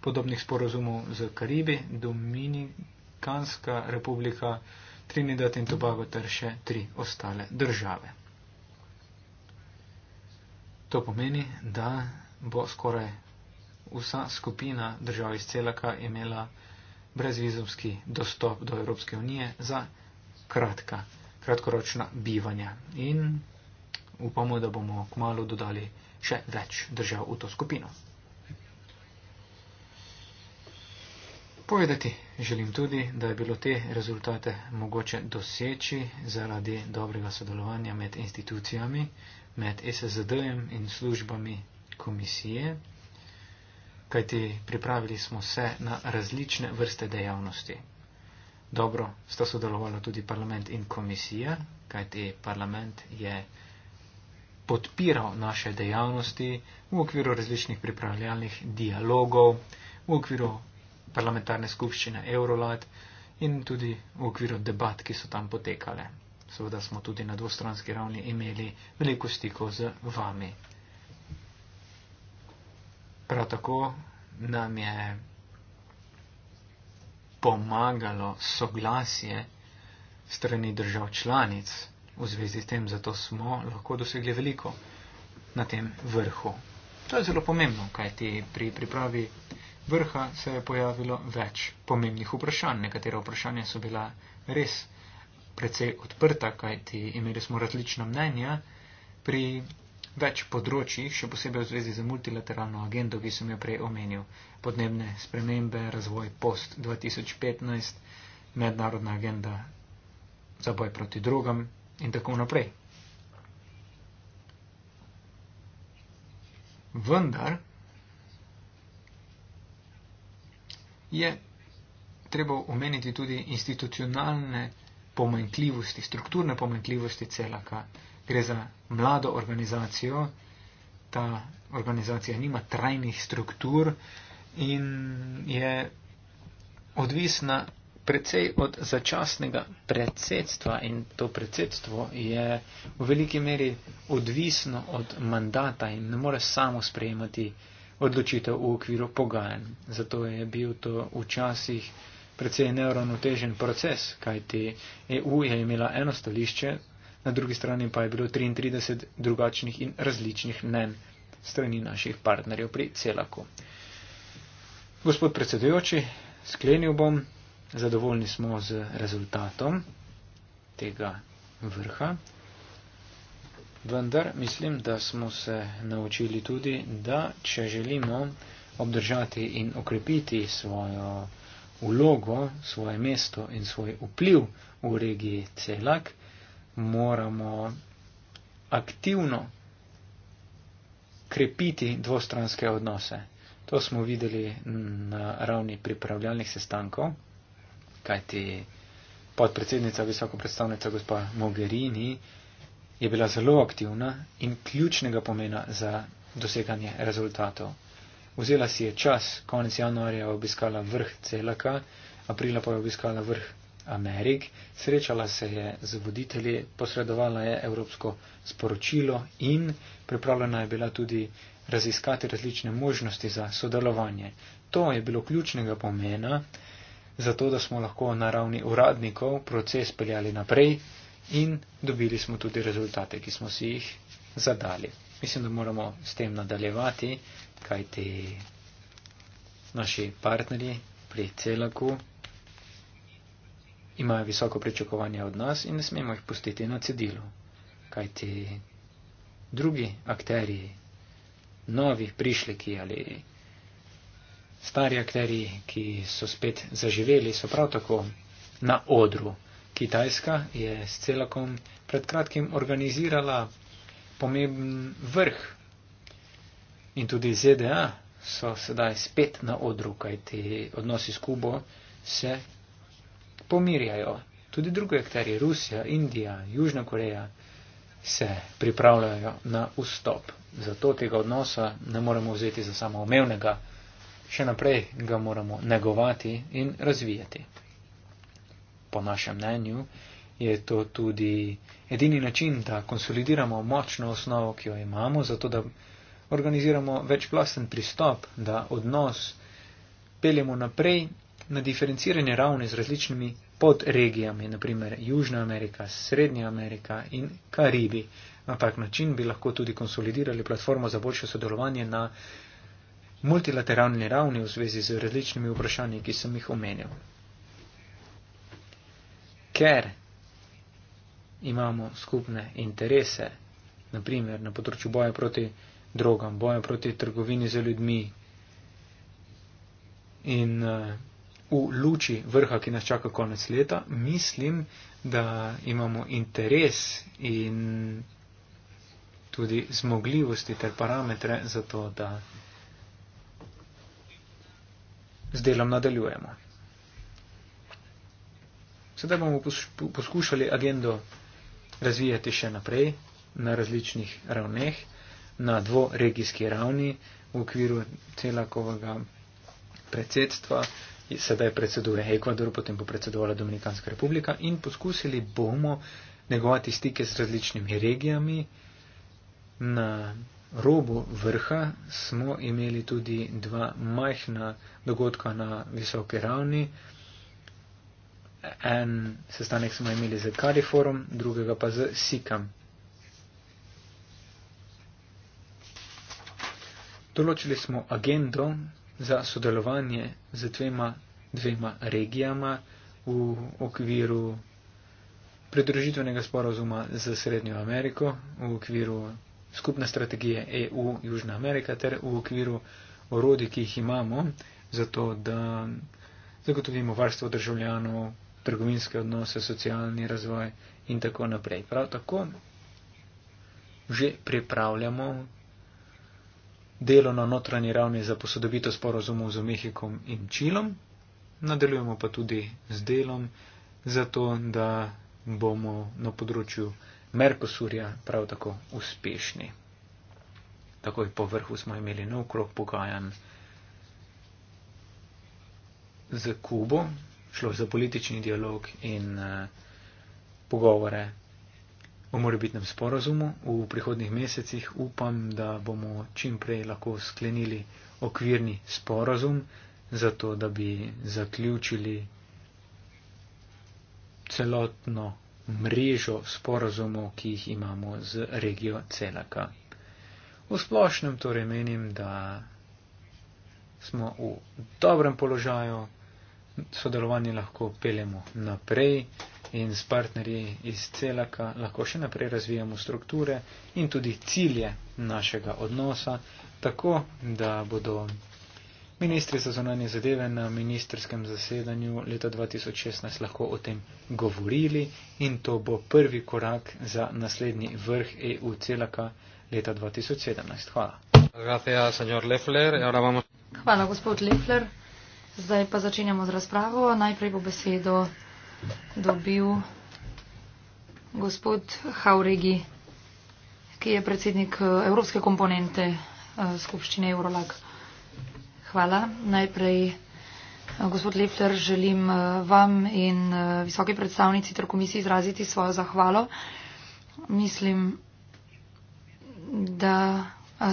podobnih sporazumov z Karibi, Dominikanska republika, Trinidad in Tobago ter še tri ostale države. To pomeni, da bo skoraj vsa skupina držav iz celaka imela brezvizumski dostop do Evropske unije za kratka, kratkoročna bivanja. In upamo, da bomo kmalo dodali še več držav v to skupino. Povedati želim tudi, da je bilo te rezultate mogoče doseči zaradi dobrega sodelovanja med institucijami, med SSD-jem in službami komisije kajti pripravili smo se na različne vrste dejavnosti. Dobro, sta sodelovala tudi parlament in komisija, kajti parlament je podpiral naše dejavnosti v okviru različnih pripravljalnih dialogov, v okviru parlamentarne skupščine Eurolat in tudi v okviru debat, ki so tam potekale. Seveda smo tudi na dvostranski ravni imeli veliko stikov z vami. Prav tako nam je pomagalo soglasje strani držav članic v zvezi s tem, zato smo lahko dosegli veliko na tem vrhu. To je zelo pomembno, kajti pri pripravi vrha se je pojavilo več pomembnih vprašanj. Nekatera vprašanja so bila res precej odprta, kajti imeli smo različna mnenja pri več področji, še posebej v zvezi z multilateralno agendo, ki sem jo prej omenil. Podnebne spremembe, razvoj post 2015, mednarodna agenda za boj proti drugam in tako naprej. Vendar je treba omeniti tudi institucionalne pomankljivosti, strukturne pomankljivosti celaka gre za mlado organizacijo, ta organizacija nima trajnih struktur in je odvisna precej od začasnega predsedstva in to predsedstvo je v veliki meri odvisno od mandata in ne more samo sprejemati odločitev v okviru pogajanj. Zato je bil to včasih precej neuravnotežen proces, kajti EU je imela eno stališče, na drugi strani pa je bilo 33 drugačnih in različnih mnen strani naših partnerjev pri celaku. Gospod predsedujoči, sklenil bom, zadovoljni smo z rezultatom tega vrha, vendar mislim, da smo se naučili tudi, da če želimo obdržati in okrepiti svojo vlogo, svoje mesto in svoj vpliv v regiji celak, moramo aktivno krepiti dvostranske odnose. To smo videli na ravni pripravljalnih sestankov, kajti podpredsednica, visoko predstavnica gospa Mogherini je bila zelo aktivna in ključnega pomena za doseganje rezultatov. Vzela si je čas, konec januarja je obiskala vrh celaka, aprila pa je obiskala vrh Amerik, srečala se je z voditelji, posredovala je evropsko sporočilo in pripravljena je bila tudi raziskati različne možnosti za sodelovanje. To je bilo ključnega pomena, zato da smo lahko na ravni uradnikov proces peljali naprej in dobili smo tudi rezultate, ki smo si jih zadali. Mislim, da moramo s tem nadaljevati, kajti naši partnerji pri celaku imajo visoko pričakovanje od nas in ne smemo jih pustiti na cedilu. Kajti drugi akteri, novi prišliki ali stari akteri, ki so spet zaživeli, so prav tako na odru. Kitajska je s celakom pred kratkim organizirala pomemben vrh in tudi ZDA so sedaj spet na odru, kajti odnosi s Kubo se pomirjajo. Tudi drugi akteri, Rusija, Indija, Južna Koreja, se pripravljajo na vstop. Zato tega odnosa ne moremo vzeti za samoumevnega, še naprej ga moramo negovati in razvijati. Po našem mnenju je to tudi edini način, da konsolidiramo močno osnovo, ki jo imamo, zato da organiziramo večplasten pristop, da odnos peljemo naprej na diferencirane ravne z različnimi podregijami, naprimer Južna Amerika, Srednja Amerika in Karibi. Na tak način bi lahko tudi konsolidirali platformo za boljše sodelovanje na multilateralni ravni v zvezi z različnimi vprašanji, ki sem jih omenil. Ker imamo skupne interese, naprimer na področju boja proti drogam, boja proti trgovini z ljudmi in uh, v luči vrha, ki nas čaka konec leta, mislim, da imamo interes in tudi zmogljivosti ter parametre za to, da z delom nadaljujemo. Sedaj bomo poskušali agendo razvijati še naprej na različnih ravneh, na dvoregijski ravni v okviru celakovega predsedstva, sedaj predseduje Ekvador, potem bo predsedovala Dominikanska republika in poskusili bomo negovati stike s različnimi regijami. Na robu vrha smo imeli tudi dva majhna dogodka na visoki ravni. En sestanek smo imeli z Kariforom, drugega pa z Sikam. Določili smo agendo, za sodelovanje z dvema, dvema regijama v okviru pridružitvenega sporozuma z Srednjo Ameriko, v okviru skupne strategije EU-Južna Amerika ter v okviru orodi, ki jih imamo, zato da zagotovimo varstvo državljanov, trgovinske odnose, socialni razvoj in tako naprej. Prav tako že pripravljamo delo na notranji ravni za posodobitev sporozumov z Mehikom in Čilom. Nadaljujemo pa tudi z delom za to, da bomo na področju Merkosurja prav tako uspešni. Takoj po vrhu smo imeli nov krok pogajan z Kubo, šlo za politični dialog in uh, pogovore o morebitnem sporazumu. V prihodnih mesecih upam, da bomo čim prej lahko sklenili okvirni sporazum, zato da bi zaključili celotno mrežo sporazumov, ki jih imamo z regijo Celaka. V splošnem torej menim, da smo v dobrem položaju, sodelovanje lahko peljemo naprej in s partnerji iz celaka lahko še naprej razvijamo strukture in tudi cilje našega odnosa, tako da bodo ministri za zonanje zadeve na ministerskem zasedanju leta 2016 lahko o tem govorili in to bo prvi korak za naslednji vrh EU celaka leta 2017. Hvala. Gracias, Lefler. Ahora vamos... Hvala, gospod Lefler. Zdaj pa začenjamo z razpravo. Najprej bo besedo dobil gospod Hauregi, ki je predsednik eh, evropske komponente eh, skupščine Eurolag. Hvala. Najprej, eh, gospod Lefler, želim vam in visoki predstavnici ter komisiji izraziti svojo zahvalo. Mislim, da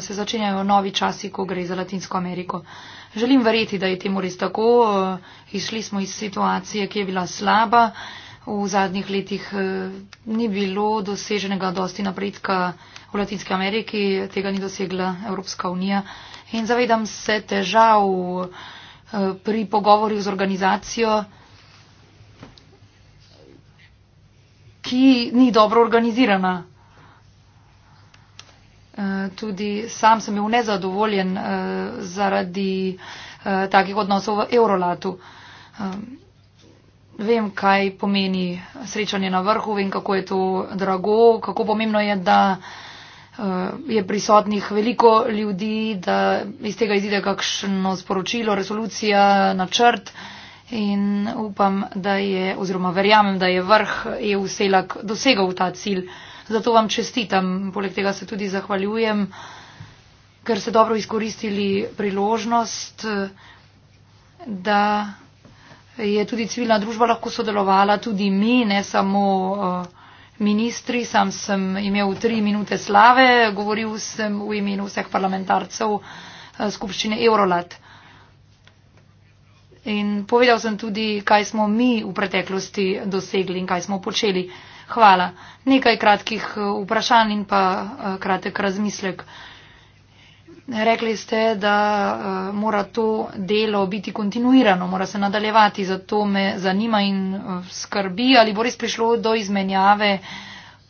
se začenjajo novi časi, ko gre za Latinsko Ameriko. Želim verjeti, da je temu res tako. Išli smo iz situacije, ki je bila slaba. V zadnjih letih eh, ni bilo doseženega dosti napredka v Latinski Ameriki, tega ni dosegla Evropska unija. In zavedam se težav eh, pri pogovorju z organizacijo, ki ni dobro organizirana. Eh, tudi sam sem bil nezadovoljen eh, zaradi eh, takih odnosov v Eurolatu. Ehm, vem, kaj pomeni srečanje na vrhu, vem, kako je to drago, kako pomembno je, da je prisotnih veliko ljudi, da iz tega izide kakšno sporočilo, resolucija, načrt in upam, da je, oziroma verjamem, da je vrh EU-selak dosegal ta cilj. Zato vam čestitam, poleg tega se tudi zahvaljujem, ker ste dobro izkoristili priložnost, da je tudi civilna družba lahko sodelovala, tudi mi, ne samo eh, ministri. Sam sem imel tri minute slave, govoril sem v imenu vseh parlamentarcev eh, skupščine Eurolat. In povedal sem tudi, kaj smo mi v preteklosti dosegli in kaj smo počeli. Hvala. Nekaj kratkih eh, vprašanj in pa eh, kratek razmislek. Rekli ste, da eh, mora to delo biti kontinuirano, mora se nadaljevati, zato me zanima in skrbi, ali bo res prišlo do izmenjave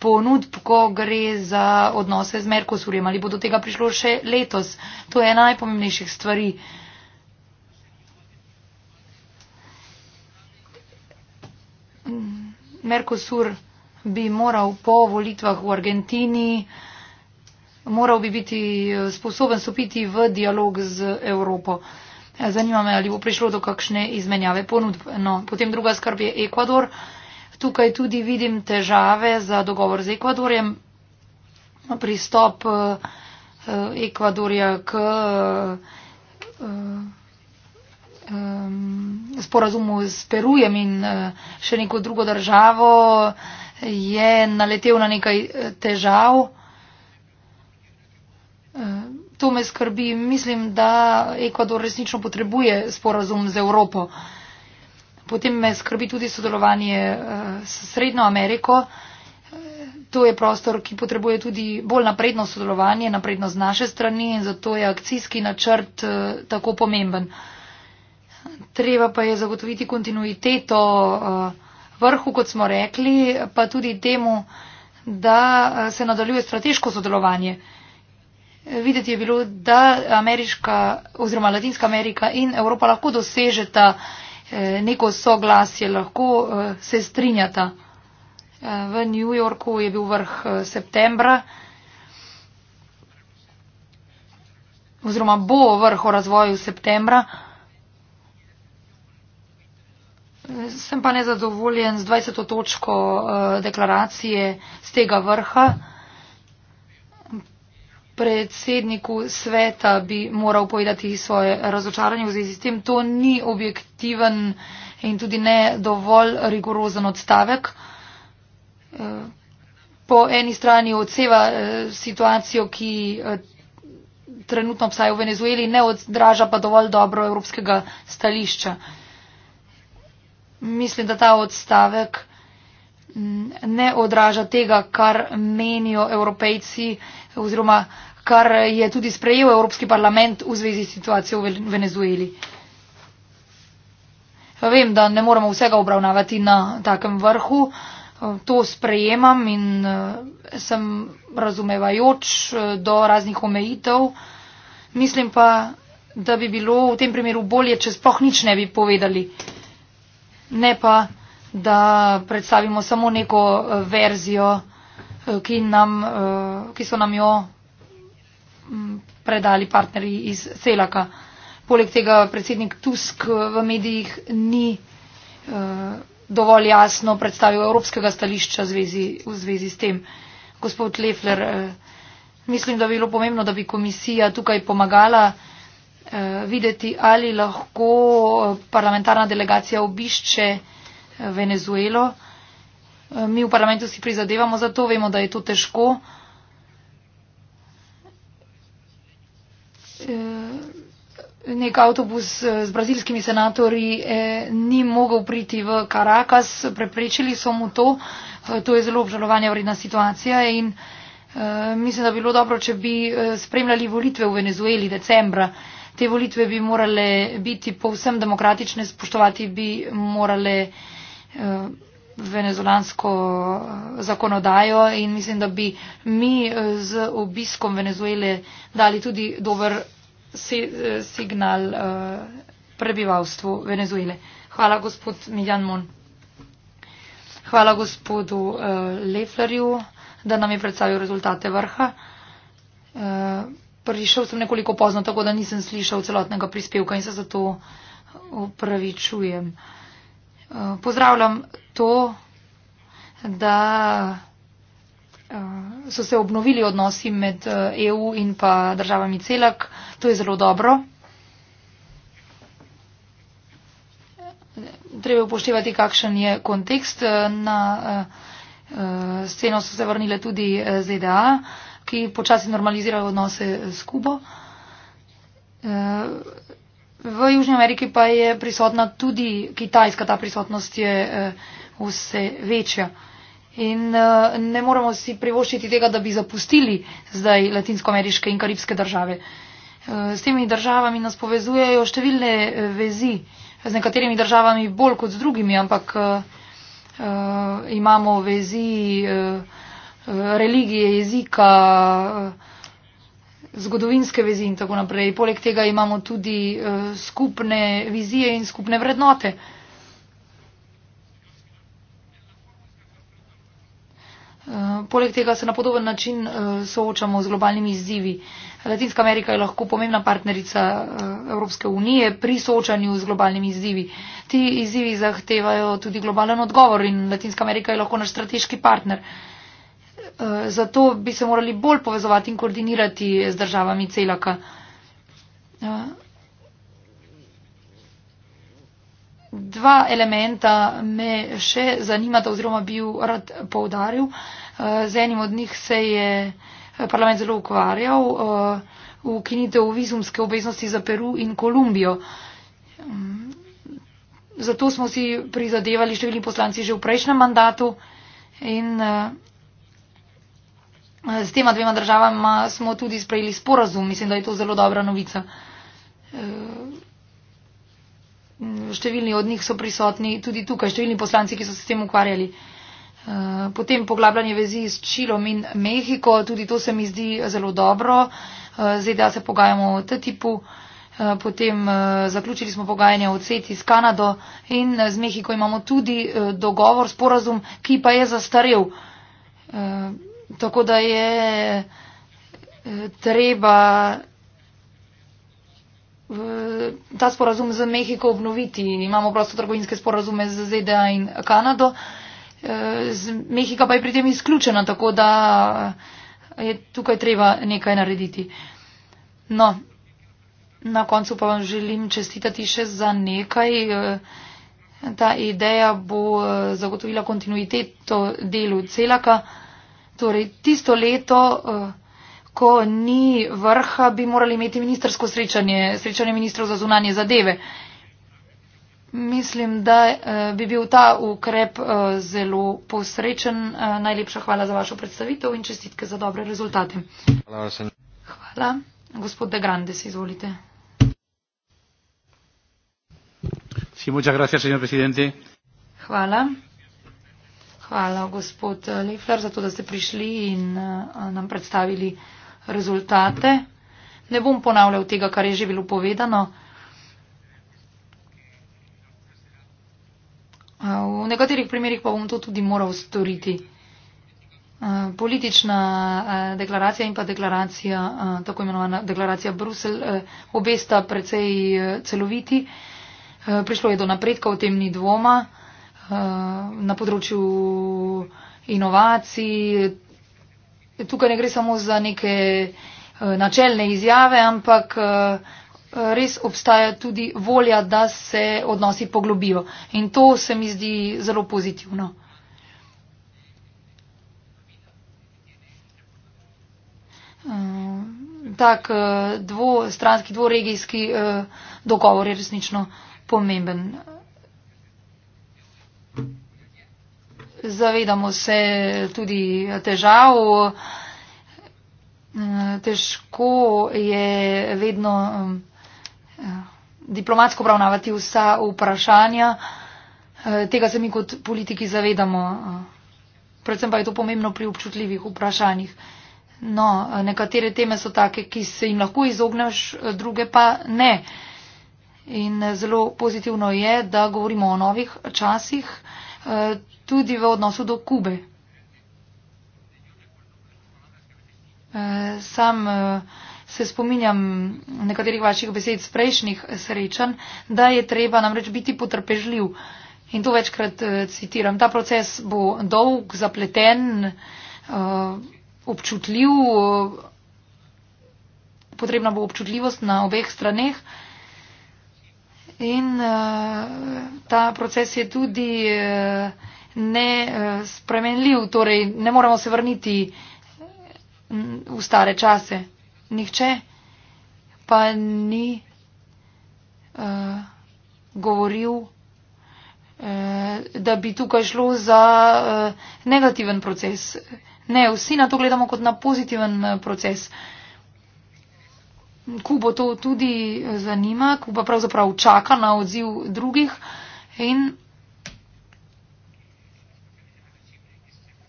ponudb, ko gre za odnose z Merkosurjem, ali bo do tega prišlo še letos. To je ena najpomembnejših stvari. Mm, Merkosur bi moral po volitvah v Argentini, moral bi biti eh, sposoben stopiti v dialog z Evropo. Eh, zanima me, ali bo prišlo do kakšne izmenjave ponudb. No, potem druga skrb je Ekvador. Tukaj tudi vidim težave za dogovor z Ekvadorjem. Pristop eh, Ekvadorja k sporazumu s Perujem in še neko drugo državo je naletel na nekaj eh, težav. Eh, to me skrbi. Mislim, da Ekvador resnično potrebuje sporazum z Evropo. Potem me skrbi tudi sodelovanje eh, s Srednjo Ameriko. To je prostor, ki potrebuje tudi bolj napredno sodelovanje, napredno z naše strani in zato je akcijski načrt tako pomemben. Treba pa je zagotoviti kontinuiteto. Uh, vrhu, kot smo rekli, pa tudi temu, da eh, se nadaljuje strateško sodelovanje. Videti je bilo, da Ameriška oziroma Latinska Amerika in Evropa lahko dosežeta eh, neko soglasje, lahko eh, se strinjata. V New Yorku je bil vrh septembra oziroma bo vrh o razvoju septembra. Sem pa nezadovoljen z 20. točko eh, deklaracije z tega vrha. Predsedniku sveta bi moral povedati svoje razočaranje v zvezi s tem. To ni objektiven in tudi ne dovolj rigorozen odstavek. Eh, po eni strani odseva eh, situacijo, ki trenutno obstaja v Venezueli, ne odraža pa dovolj dobro evropskega stališča mislim, da ta odstavek mm, ne odraža tega, kar menijo evropejci oziroma kar je tudi sprejel Evropski parlament v zvezi s situacijo v Venezueli. Vem, da ne moremo vsega obravnavati na takem vrhu. To sprejemam in eh, sem razumevajoč eh, do raznih omejitev. Mislim pa, da bi bilo v tem primeru bolje, če sploh nič ne bi povedali ne pa, da predstavimo samo neko eh, verzijo, eh, ki, nam, eh, ki so nam jo mm, predali partnerji iz Celaka. Poleg tega predsednik Tusk v medijih ni dovolj jasno predstavil evropskega stališča zvezi, v zvezi s tem. Gospod Lefler, mislim, da bi bilo pomembno, da bi komisija tukaj pomagala Eh, videti, ali lahko eh, parlamentarna delegacija obišče eh, Venezuelo. Mi v parlamentu si prizadevamo za to, vemo, da je to težko. Nek avtobus z brazilskimi senatorji ni mogel priti v Karakas, preprečili so mu to. To je zelo obžalovanja vredna situacija in mislim, da bi bilo dobro, če bi spremljali volitve v Venezueli decembra. Te volitve bi morale biti povsem demokratične, spoštovati bi morale eh, venezolansko eh, zakonodajo in mislim, da bi mi eh, z obiskom Venezuele dali tudi dober si signal prebivalstvu Venezuele. Hvala gospod Miljan Mon. Hvala gospodu Leflerju, da nam je predstavil rezultate vrha. Uh, prišel sem nekoliko pozno, tako da nisem slišal celotnega prispevka in se zato upravičujem. Eh, pozdravljam to, da eh, so se obnovili odnosi med EU eh, e in pa državami celak. To je zelo dobro. Treba upoštevati, kakšen je kontekst. Na sceno so se vrnile tudi ZDA ki počasi normalizirajo odnose s Kubo. E, v Južni Ameriki pa je prisotna tudi Kitajska, ta prisotnost je e, vse večja. In e, ne moramo si privoščiti tega, da bi zapustili zdaj latinsko-ameriške in karibske države. S temi državami nas povezujejo številne vezi, z nekaterimi državami bolj kot z drugimi, ampak uh, imamo vezi. Uh, religije, jezika, zgodovinske vezi in tako naprej. Poleg tega imamo tudi eh, skupne vizije in skupne vrednote. Eh, poleg tega se na podoben način eh, soočamo z globalnimi izzivi. Latinska Amerika je lahko pomembna partnerica Evropske unije pri soočanju z globalnimi izzivi. Ti izzivi zahtevajo tudi globalen odgovor in Latinska Amerika je lahko naš strateški partner. Eh, zato bi se morali bolj povezovati in koordinirati z državami celaka. Eh, dva elementa me še zanimata oziroma bi rad povdaril. Eh, z enim od njih se je parlament zelo ukvarjal, ukinitev vizumske obveznosti za Peru in Kolumbijo. Hm, zato smo si prizadevali številni poslanci že v prejšnjem mandatu in uh, z tema dvema državama smo tudi sprejeli sporazum. Mislim, da je to zelo dobra novica. Eh, številni od njih so prisotni tudi tukaj, številni poslanci, ki so se s tem ukvarjali. Eh, potem poglabljanje vezi s Čilom in Mehiko, tudi to se mi zdi zelo dobro. Eh, ZDA e se pogajamo o TTIP-u, potem zaključili smo pogajanje o CETI s Kanado in z Mehiko imamo tudi dogovor, sporazum, ki pa je zastarel. Tako da je eh, treba ta sporazum z Mehiko obnoviti. Imamo prosto trgovinske sporazume z ZDA in Kanado. Eh, Mehika pa je pri tem izključena, tako da je tukaj treba nekaj narediti. No, na koncu pa vam želim čestitati še za nekaj. Eh, ta ideja bo zagotovila kontinuiteto delu celaka. Torej, tisto leto, eh, ko ni vrha, bi morali imeti ministersko srečanje, srečanje ministrov za zunanje zadeve. Mislim, da eh, bi bil ta ukrep eh, zelo posrečen. Najlepša hvala za vašo predstavitev in čestitke za dobre rezultate. Hvala. hvala. Gospod De Grandes, izvolite. Sí, muchas gracias, señor presidente. Hvala. Hvala, gospod Lefler, za to, da ste prišli in eh, nam predstavili rezultate. Ne bom ponavljal tega, kar je že bilo povedano. Eh, v nekaterih primerjih pa bom to tudi moral storiti. Eh, politična deklaracija in pa deklaracija, tako imenovana deklaracija Brusel, obesta precej celoviti. Prišlo je do napredka, o tem ni dvoma. Eh, na področju inovacij. Tukaj ne gre samo za neke eh, načelne izjave, ampak eh, res obstaja tudi volja, da se odnosi poglobijo. In to se mi zdi zelo pozitivno. Tak dvostranski, dvoregijski dogovor je resnično pomemben. zavedamo se tudi težav. Težko je vedno eh, diplomatsko obravnavati vsa vprašanja. Eh, tega se mi kot politiki zavedamo. Predvsem pa je to pomembno pri občutljivih vprašanjih. No, nekatere teme so take, ki se jim lahko izogneš, druge pa ne. In zelo pozitivno je, da govorimo o novih časih. Eh, tudi v odnosu do Kube. Eh, sam eh, se spominjam nekaterih vaših besed z prejšnjih srečanj, da je treba namreč biti potrpežljiv. In to večkrat citiram. Ta proces bo dolg, zapleten, občutljiv. Potrebna bo občutljivost na obeh straneh. In uh, ta proces je tudi uh, nespremenljiv, uh, torej ne moremo se vrniti eh, v stare čase. Nihče pa ni uh, govoril, uh, da bi tukaj šlo za uh, negativen proces. Ne, vsi na to gledamo kot na pozitiven proces. Uh, Kubo to tudi eh, zanima, Kuba pravzaprav čaka na odziv drugih in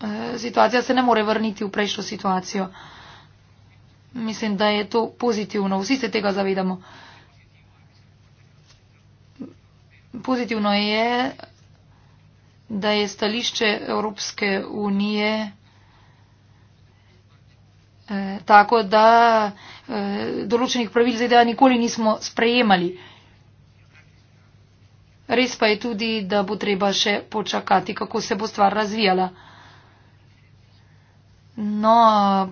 eh, situacija se ne more vrniti v prejšnjo situacijo. Mislim, da je to pozitivno, vsi se tega zavedamo. Pozitivno je, da je stališče Evropske unije. Eh, tako da e, določenih pravil za ideja nikoli nismo sprejemali. Res pa je tudi, da bo treba še počakati, kako se bo stvar razvijala. No,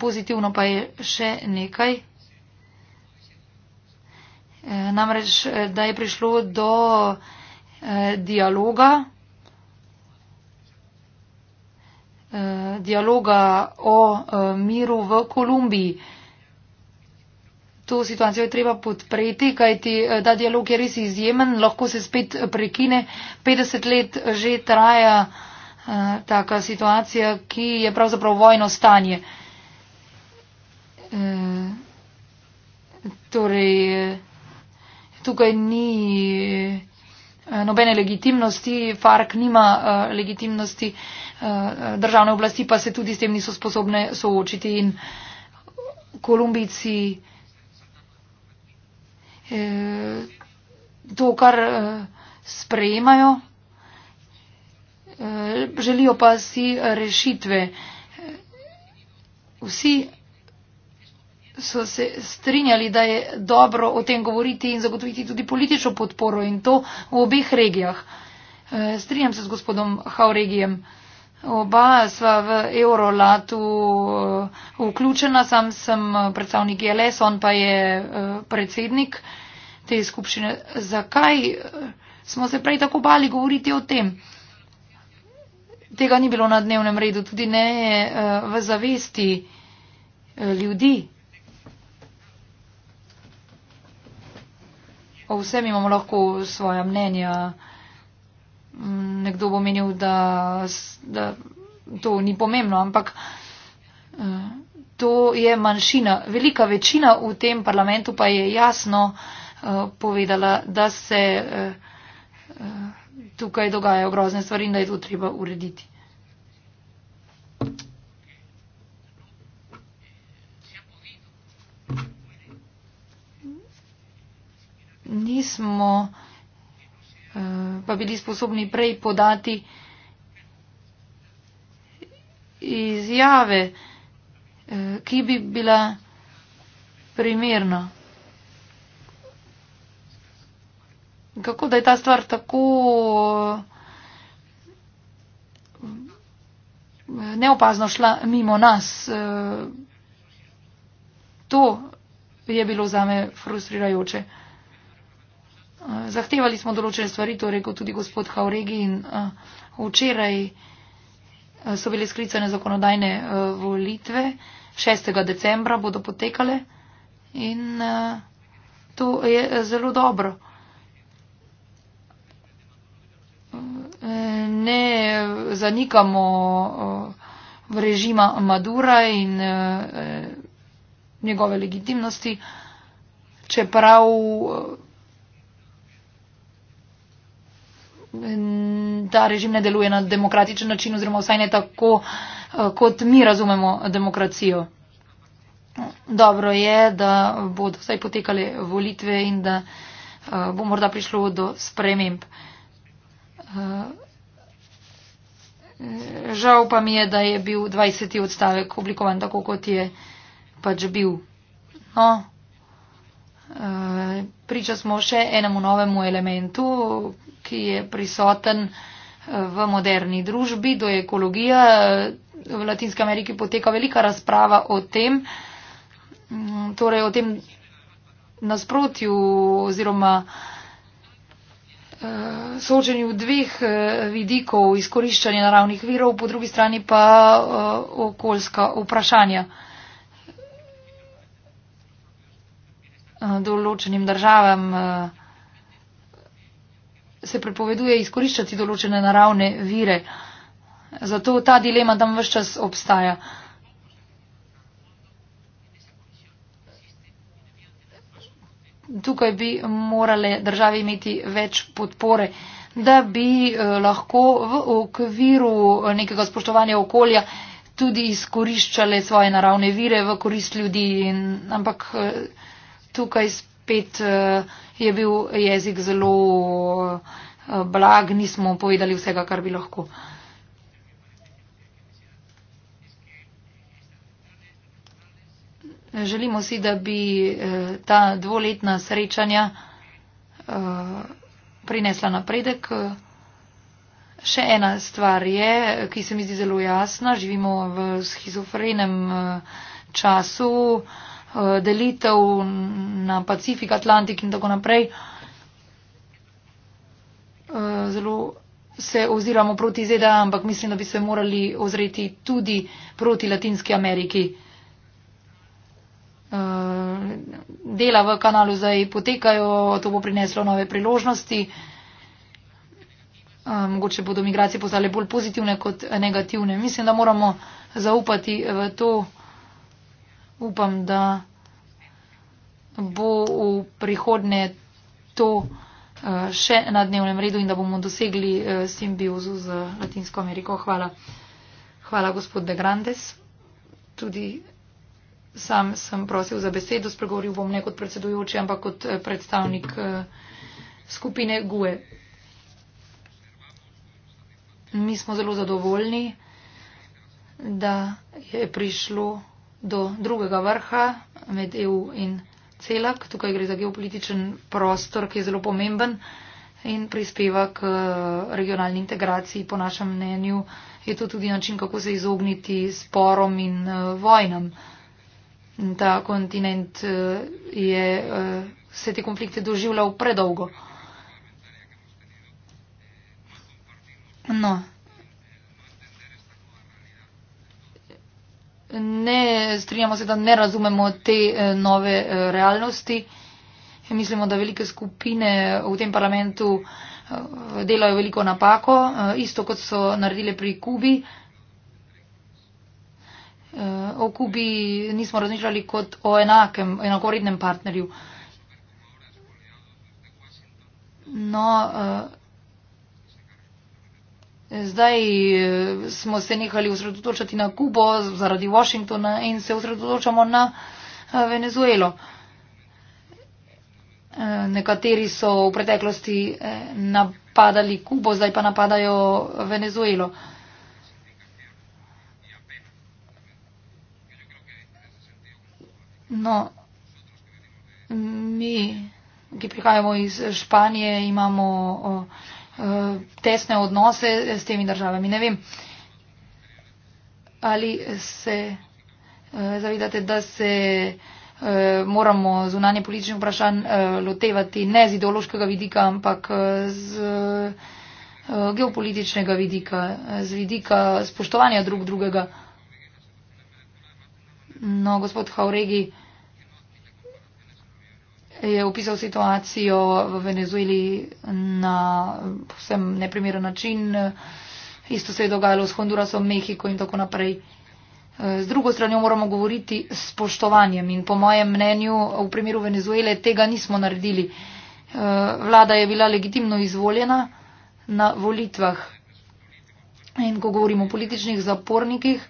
pozitivno pa je še nekaj. E, namreč, da je prišlo do e, dialoga. Eh, dialoga o eh, miru v Kolumbiji. To situacijo je treba podpreti, kajti eh, ta dialog je res izjemen, lahko se spet prekine. 50 let že traja taka situacija, ki je pravzaprav vojno stanje. Torej, tukaj ni nobene legitimnosti, FARC nima legitimnosti. Eh, državne oblasti pa se tudi s tem niso sposobne soočiti in Kolumbici eh, to, kar eh, sprejemajo, želijo pa si rešitve. Vsi so se strinjali, da je dobro o tem govoriti in zagotoviti tudi politično podporo in to v obeh regijah. Strinjam se s gospodom Hauregijem. Oba sva v Eurolatu eh, vključena, sam sem eh, predstavnik GLS, e on pa je eh, predsednik te skupščine. Zakaj smo se prej tako bali govoriti o tem? Tega ni bilo na dnevnem redu, tudi ne v zavesti ljudi. O vsem imamo lahko svoja mnenja. Mm, nekdo bo menil, da, da to ni pomembno, ampak eh, to je manjšina. Velika večina v tem parlamentu pa je jasno eh, povedala, da se eh, tukaj dogajajo grozne stvari in da je to treba urediti. Nismo pa bili sposobni prej podati izjave, eh, ki bi bila primerna. Kako da je ta stvar tako eh, neopazno šla mimo nas? Eh, to je bilo zame frustrirajoče. Eh, zahtevali smo določene stvari, to je rekel tudi gospod Hauregi in eh, včeraj eh, so bile sklicane zakonodajne volitve, 6. decembra bodo potekale in to je zelo dobro. Ne zanikamo režima Madura in njegove legitimnosti, čeprav. ta režim ne deluje na demokratičen način oziroma vsaj ne tako, eh, kot mi razumemo demokracijo. Dobro je, da bodo vsaj potekale volitve in da eh, bo morda prišlo do sprememb. Eh, žal pa mi je, da je bil 20. odstavek oblikovan tako, kot je pač bil. No, Eh, priča smo še enemu novemu elementu, ki je prisoten eh, v moderni družbi, do ekologije. V Latinski Ameriki poteka velika razprava o tem, mm, torej o tem nasprotju oziroma eh, soočenju dveh vidikov izkoriščanja naravnih virov, po drugi strani pa okoljska vprašanja. Eh, določenim državam eh, se prepoveduje izkoriščati določene naravne vire. Zato ta dilema tam vse čas obstaja. Tukaj bi morale države imeti več podpore, da bi eh, lahko v okviru nekega spoštovanja okolja tudi izkoriščale svoje naravne vire v korist ljudi. In, ampak tukaj spet eh, je bil jezik zelo eh, blag, nismo povedali vsega, kar bi lahko. Želimo si, da bi eh, ta dvoletna srečanja prinesla napredek. Še ena stvar je, ki se mi zdi zelo jasna, živimo v schizofrenem času, Eh, delitev na Pacifik, Atlantik in tako naprej. Eh, zelo se oziramo proti ZDA, ampak mislim, da bi se morali ozreti tudi proti Latinski Ameriki. Eh, dela v kanalu zdaj potekajo, to bo prineslo nove priložnosti. Mogoče bodo migracije postale bolj pozitivne kot negativne. Mislim, da moramo zaupati v to upam, da bo v prihodnje to eh, še na dnevnem redu in da bomo dosegli eh, simbiozo z Latinsko Ameriko. Hvala. Hvala, gospod De Grandes. Tudi sam sem prosil za besedo, spregovoril bom ne kot predsedujoči, ampak kot eh, predstavnik skupine GUE. Mi smo zelo zadovoljni, da je prišlo do drugega vrha med EU in CELAK. Tukaj gre za geopolitičen prostor, ki je zelo pomemben in prispeva k eh, regionalni integraciji. Po našem mnenju je to tudi način, kako se izogniti sporom in eh, vojnam. Ta kontinent eh, je vse te konflikte doživljal predolgo. No, ne strinjamo se, da ne razumemo te eh, nove eh, realnosti. Mislimo, da velike skupine eh, v tem parlamentu delajo veliko napako, isto kot so naredile pri Kubi. O Kubi nismo razmišljali kot o enakem, enakorednem partnerju. No, Zdaj eh, smo se nehali osredotočati na Kubo zaradi Washingtona in se osredotočamo na eh, Venezuelo. Eh, nekateri so v preteklosti napadali Kubo, zdaj pa napadajo Venezuelo. No, mi, ki prihajamo iz Španije, imamo. O, Eh, tesne odnose s temi državami. Ne vem, ali se eh, zavedate, da se eh, moramo zunanje političnih vprašanj lotevati ne z ideološkega vidika, ampak z geopolitičnega vidika, z vidika spoštovanja drug drugega. No, gospod Hauregi, uh, je opisal situacijo v Venezueli na vsem neprimeren način. Isto se je dogajalo s Hondurasom, Mehiko in tako naprej. Z drugo stranjo moramo govoriti s poštovanjem in po mojem mnenju v primeru Venezuele tega nismo naredili. Vlada je bila legitimno izvoljena na volitvah. In ko govorimo o političnih zapornikih,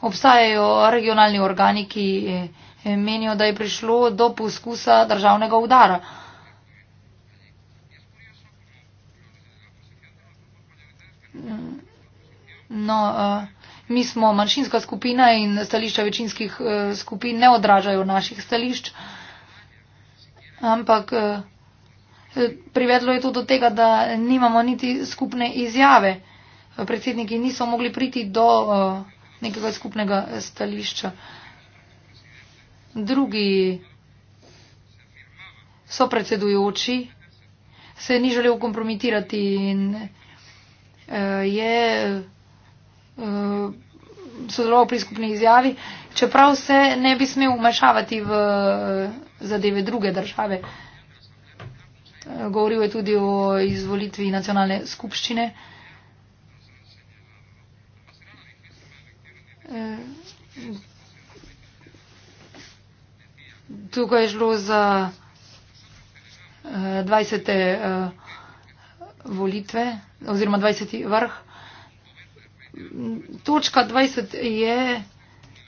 obstajajo regionalni organi, ki. Je, menijo, da je prišlo do poskusa državnega udara. No, eh, mi smo manjšinska skupina in stališča večinskih eh, skupin ne odražajo naših stališč, ampak eh, privedlo je to do tega, da nimamo niti skupne izjave. Predsedniki niso mogli priti do nekega skupnega stališča drugi so predsedujoči, se ni želel kompromitirati in uh, je uh, sodeloval pri skupni izjavi, čeprav se ne bi smel umešavati v eh, zadeve druge države. Govoril je tudi o izvolitvi nacionalne skupščine. Uh, Tukaj je šlo za eh, 20. Eh, volitve oziroma 20. vrh. Točka 20 je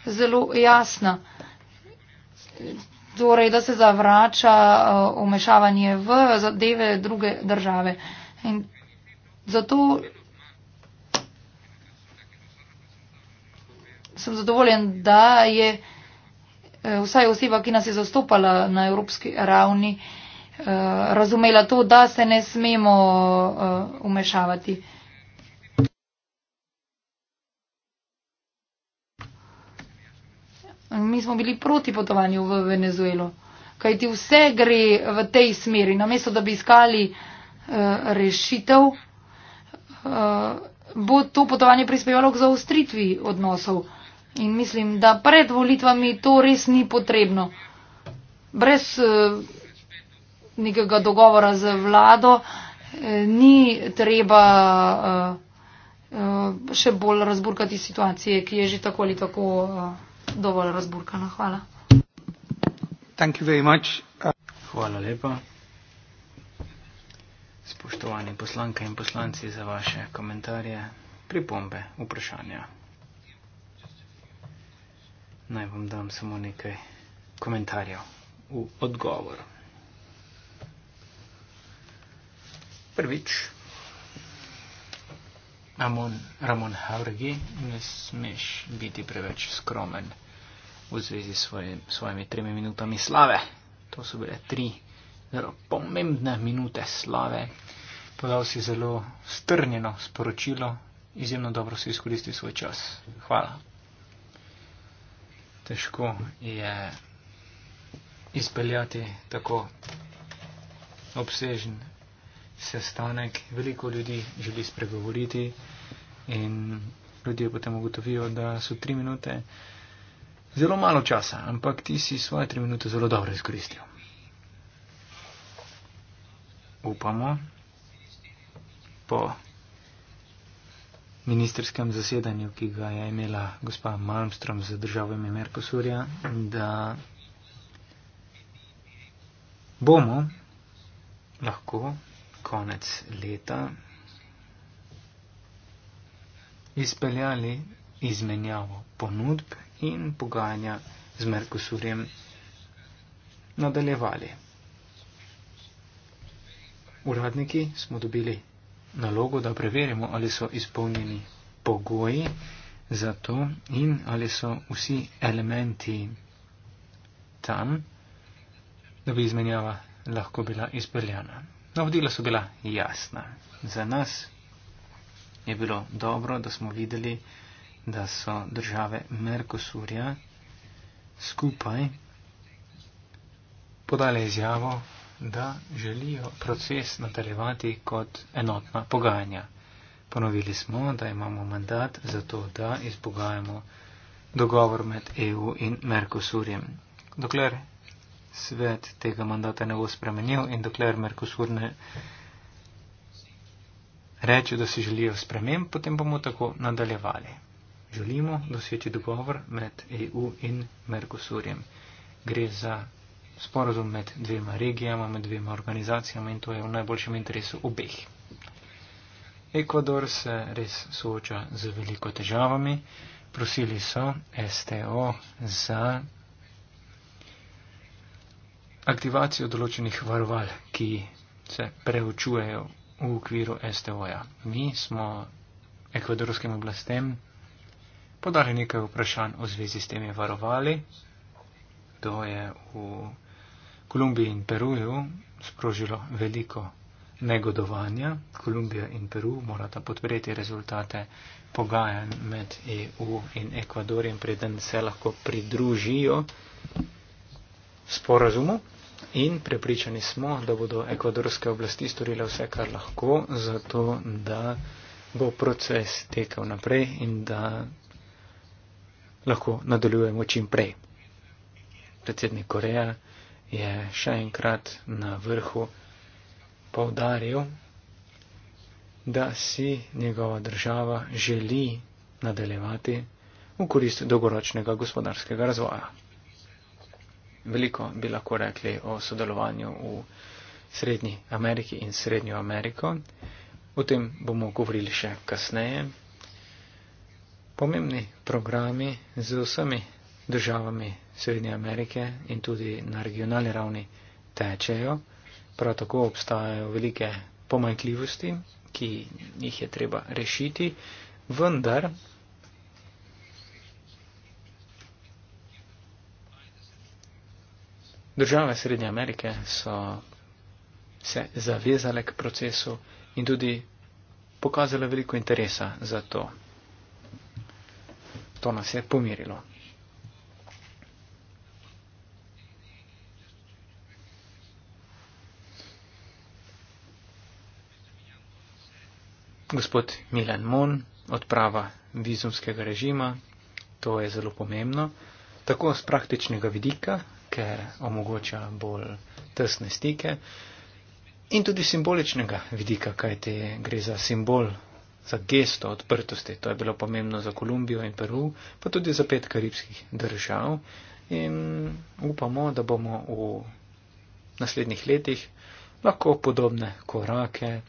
zelo jasna. Torej, da se zavrača eh, umešavanje v zadeve druge države. In zato sem zadovoljen, da je. Eh, vsaj oseba, ki nas je zastopala na evropski ravni, eh, razumela to, da se ne smemo eh, umešavati. Mi smo bili proti potovanju v Venezuelo, kajti vse gre v tej smeri. Namesto, da bi iskali rešitev, bo to potovanje prispevalo k zaostritvi odnosov. In mislim, da pred volitvami to res ni potrebno. Brez uh, nekega dogovora z vlado eh, ni treba uh, uh, še bolj razburkati situacije, ki je že tako ali tako uh, dovolj razburkana. Hvala. Hvala lepa. Spoštovani poslanke in poslanci za vaše komentarje, pripombe, vprašanja naj vam dam samo nekaj komentarjev v odgovor. Prvič, Ramon, Ramon Havrgi, ne smeš biti preveč skromen v zvezi s svoj, svojimi tremi minutami slave. To so bile tri zelo pomembne minute slave. Podal si zelo strnjeno sporočilo, izjemno dobro si izkoristil svoj čas. Hvala težko je izpeljati tako obsežen sestanek. Veliko ljudi želi spregovoriti in ljudje potem ugotovijo, da so tri minute zelo malo časa, ampak ti si svoje tri minute zelo dobro izkoristil. Upamo po ministerskem zasedanju, ki ga je imela gospa Malmström z državami Merkosurja, da bomo lahko konec leta izpeljali izmenjavo ponudb in pogajanja z Merkosurjem nadaljevali. Uradniki smo dobili nalogo, da preverimo, ali so izpolnjeni pogoji za to in ali so vsi elementi tam, da bi izmenjava lahko bila izpeljana. Navodila so bila jasna. Za nas je bilo dobro, da smo videli, da so države Merkosurja skupaj podale izjavo, da želijo proces nadaljevati kot enotna pogajanja. Ponovili smo, da imamo mandat za to, da izpogajamo dogovor med EU in Merkosurjem. Dokler svet tega mandata ne bo spremenil in dokler Merkosur ne reče, da si želijo spremem, potem bomo tako nadaljevali. Želimo doseči dogovor med EU in Merkosurjem. Gre za sporozum med dvema regijama, med dvema organizacijama in to je v najboljšem interesu obeh. Ekvador se res sooča z veliko težavami. Prosili so STO za aktivacijo določenih varoval, ki se preučujejo v okviru STO-ja. Mi smo ekvadorskim oblastem podali nekaj vprašanj v zvezi s temi varovali. To je v Kolumbiji in Peruju sprožilo veliko negodovanja. Kolumbija in Peru morata podpreti rezultate pogajanj med EU in Ekvadorjem, preden se lahko pridružijo sporazumu. In prepričani smo, da bodo ekvadorske oblasti storile vse, kar lahko, zato da bo proces tekel naprej in da lahko nadaljujemo čim prej. Predsednik Koreja je še enkrat na vrhu povdaril, da si njegova država želi nadaljevati v korist dolgoročnega gospodarskega razvoja. Veliko bi lahko rekli o sodelovanju v Srednji Ameriki in Srednjo Ameriko. O tem bomo govorili še kasneje. Pomembni programi z vsemi državami Srednje Amerike in tudi na regionalni ravni tečejo. Prav tako obstajajo velike pomanjkljivosti, ki jih je treba rešiti, vendar države Srednje Amerike so se zavezale k procesu in tudi pokazale veliko interesa za to. To nas je pomirilo. gospod Milan Mon, odprava vizumskega režima, to je zelo pomembno, tako z praktičnega vidika, ker omogoča bolj tesne stike, in tudi simboličnega vidika, kaj te gre za simbol, za gesto odprtosti. To je bilo pomembno za Kolumbijo in Peru, pa tudi za pet karibskih držav. In upamo, da bomo v naslednjih letih lahko podobne korake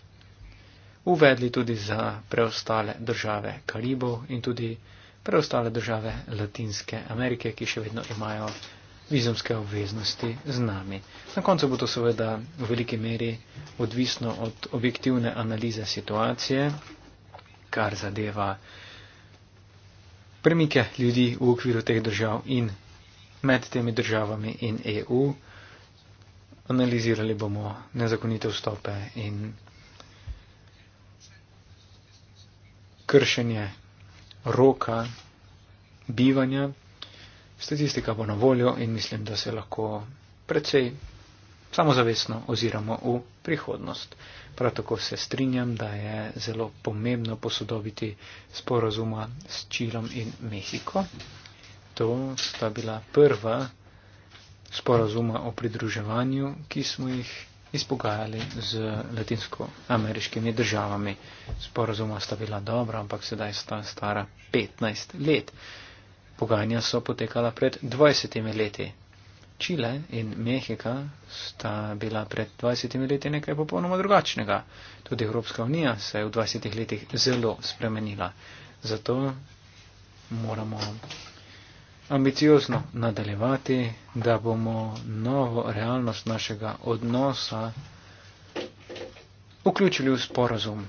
uvedli tudi za preostale države Karibov in tudi preostale države Latinske Amerike, ki še vedno imajo vizumske obveznosti z nami. Na koncu bo to seveda v veliki meri odvisno od objektivne analize situacije, kar zadeva premike ljudi v okviru teh držav in med temi državami in EU. Analizirali bomo nezakonite vstope in kršenje roka bivanja, statistika bo na voljo in mislim, da se lahko precej samozavestno oziramo v prihodnost. Prav tako se strinjam, da je zelo pomembno posodobiti sporazuma s Čilom in Mehiko. To sta bila prva sporazuma o pridruževanju, ki smo jih izpogajali z latinsko-ameriškimi državami. Sporazuma sta bila dobra, ampak sedaj sta stara 15 let. Pogajanja so potekala pred 20 leti. Čile in Mehika sta bila pred 20 leti nekaj popolnoma drugačnega. Tudi Evropska unija se je v 20 letih zelo spremenila. Zato moramo ambiciozno nadaljevati, da bomo novo realnost našega odnosa vključili v sporozum.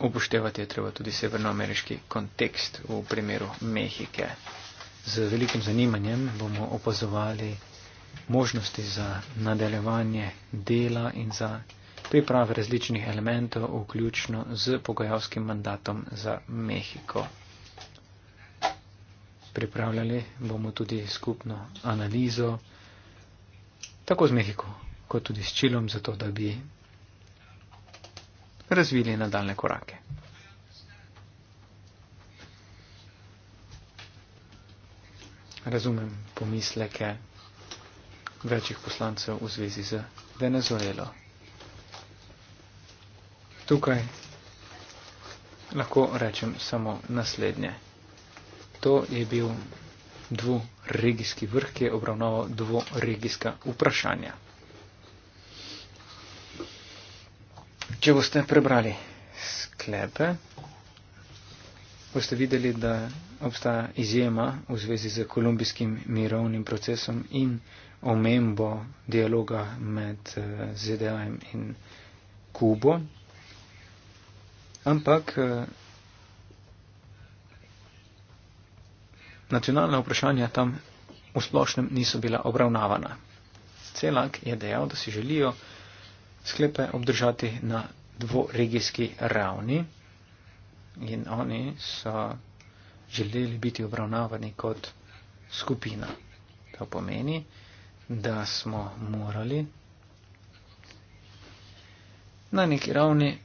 Upoštevati je treba tudi severnoameriški kontekst v primeru Mehike. Z velikim zanimanjem bomo opazovali možnosti za nadaljevanje dela in za priprave različnih elementov, vključno z pogajalskim mandatom za Mehiko pripravljali bomo tudi skupno analizo, tako z Mehiko, kot tudi s Čilom, zato da bi razvili nadaljne korake. Razumem pomisleke večjih poslancev v zvezi z Venezuelo. Tukaj lahko rečem samo naslednje. To je bil dvoregijski vrh, ki je obravnaval dvoregijska vprašanja. Če boste prebrali sklepe, boste videli, da obstaja izjema v zvezi z kolumbijskim mirovnim procesom in omembo dialoga med eh, ZDA in Kubo. Ampak eh, nacionalna vprašanja tam v splošnem niso bila obravnavana. Celak je dejal, da si želijo sklepe obdržati na dvoregijski ravni in oni so želeli biti obravnavani kot skupina. To pomeni, da smo morali na neki ravni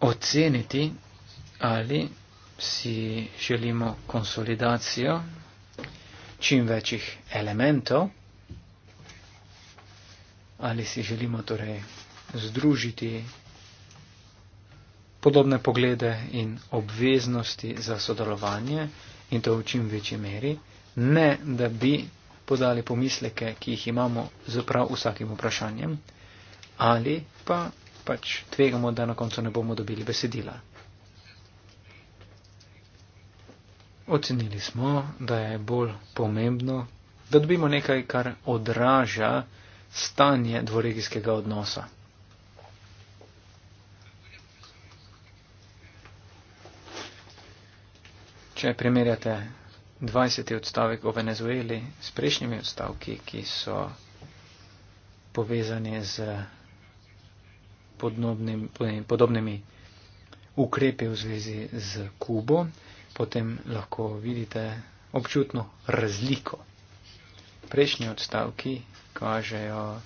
oceniti ali si želimo konsolidacijo čim večjih elementov ali si želimo torej združiti podobne poglede in obveznosti za sodelovanje in to v čim večji meri, ne da bi podali pomisleke, ki jih imamo z prav vsakim vprašanjem, ali pa pač tvegamo, da na koncu ne bomo dobili besedila. Ocenili smo, da je bolj pomembno, da dobimo nekaj, kar odraža stanje dvoregijskega odnosa. Če primerjate 20. odstavek o Venezueli s prejšnjimi odstavki, ki so povezani z podnobnim, podobnimi ukrepi v zvezi z Kubo, potem lahko vidite občutno razliko. Prejšnji odstavki kažejo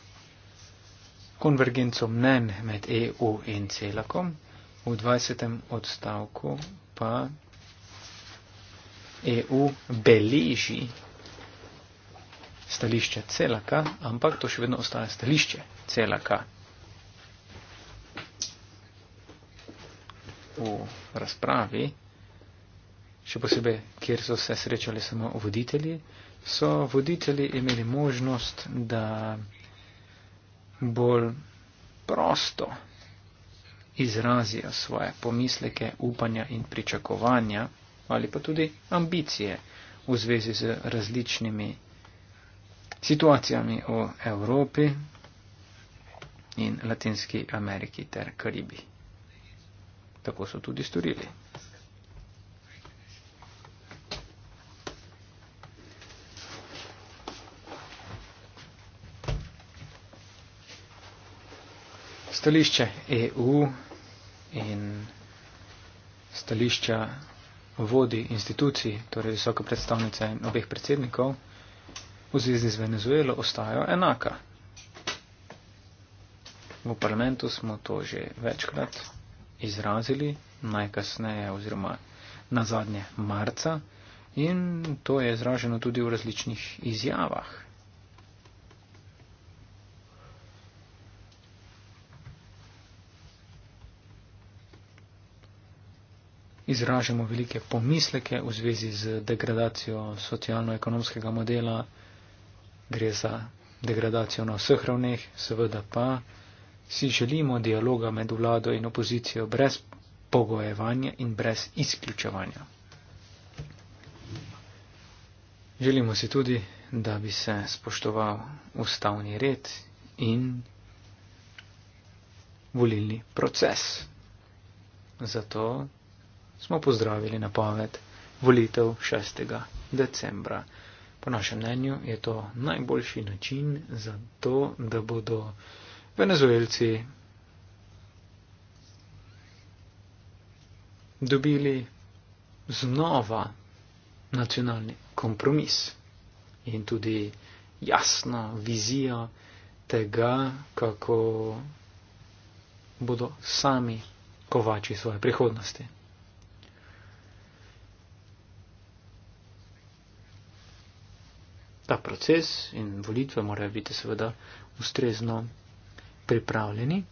konvergenco mnen med EU in celakom, v 20. odstavku pa EU beleži stališče celaka, ampak to še vedno ostaja stališče celaka. V razpravi še posebej, kjer so se srečali samo voditelji, so voditelji imeli možnost, da bolj prosto izrazijo svoje pomisleke, upanja in pričakovanja ali pa tudi ambicije v zvezi z različnimi situacijami v Evropi in Latinski Ameriki ter Karibi. Tako so tudi storili. stališče EU in stališča vodi institucij, torej visoke predstavnice in obeh predsednikov v zvezi z Venezuelo ostajajo enaka. V parlamentu smo to že večkrat izrazili, najkasneje oziroma na zadnje marca in to je izraženo tudi v različnih izjavah. izražamo velike pomisleke v zvezi z degradacijo socialno-ekonomskega modela. Gre za degradacijo na vseh ravneh, seveda pa si želimo dialoga med vlado in opozicijo brez pogojevanja in brez izključevanja. Želimo si tudi, da bi se spoštoval ustavni red in volilni proces. Zato smo pozdravili napoved volitev 6. decembra. Po našem mnenju je to najboljši način za to, da bodo venezuelci dobili znova nacionalni kompromis in tudi jasno vizijo tega, kako bodo sami kovači svoje prihodnosti. ta proces in volitve morajo biti seveda ustrezno pripravljeni.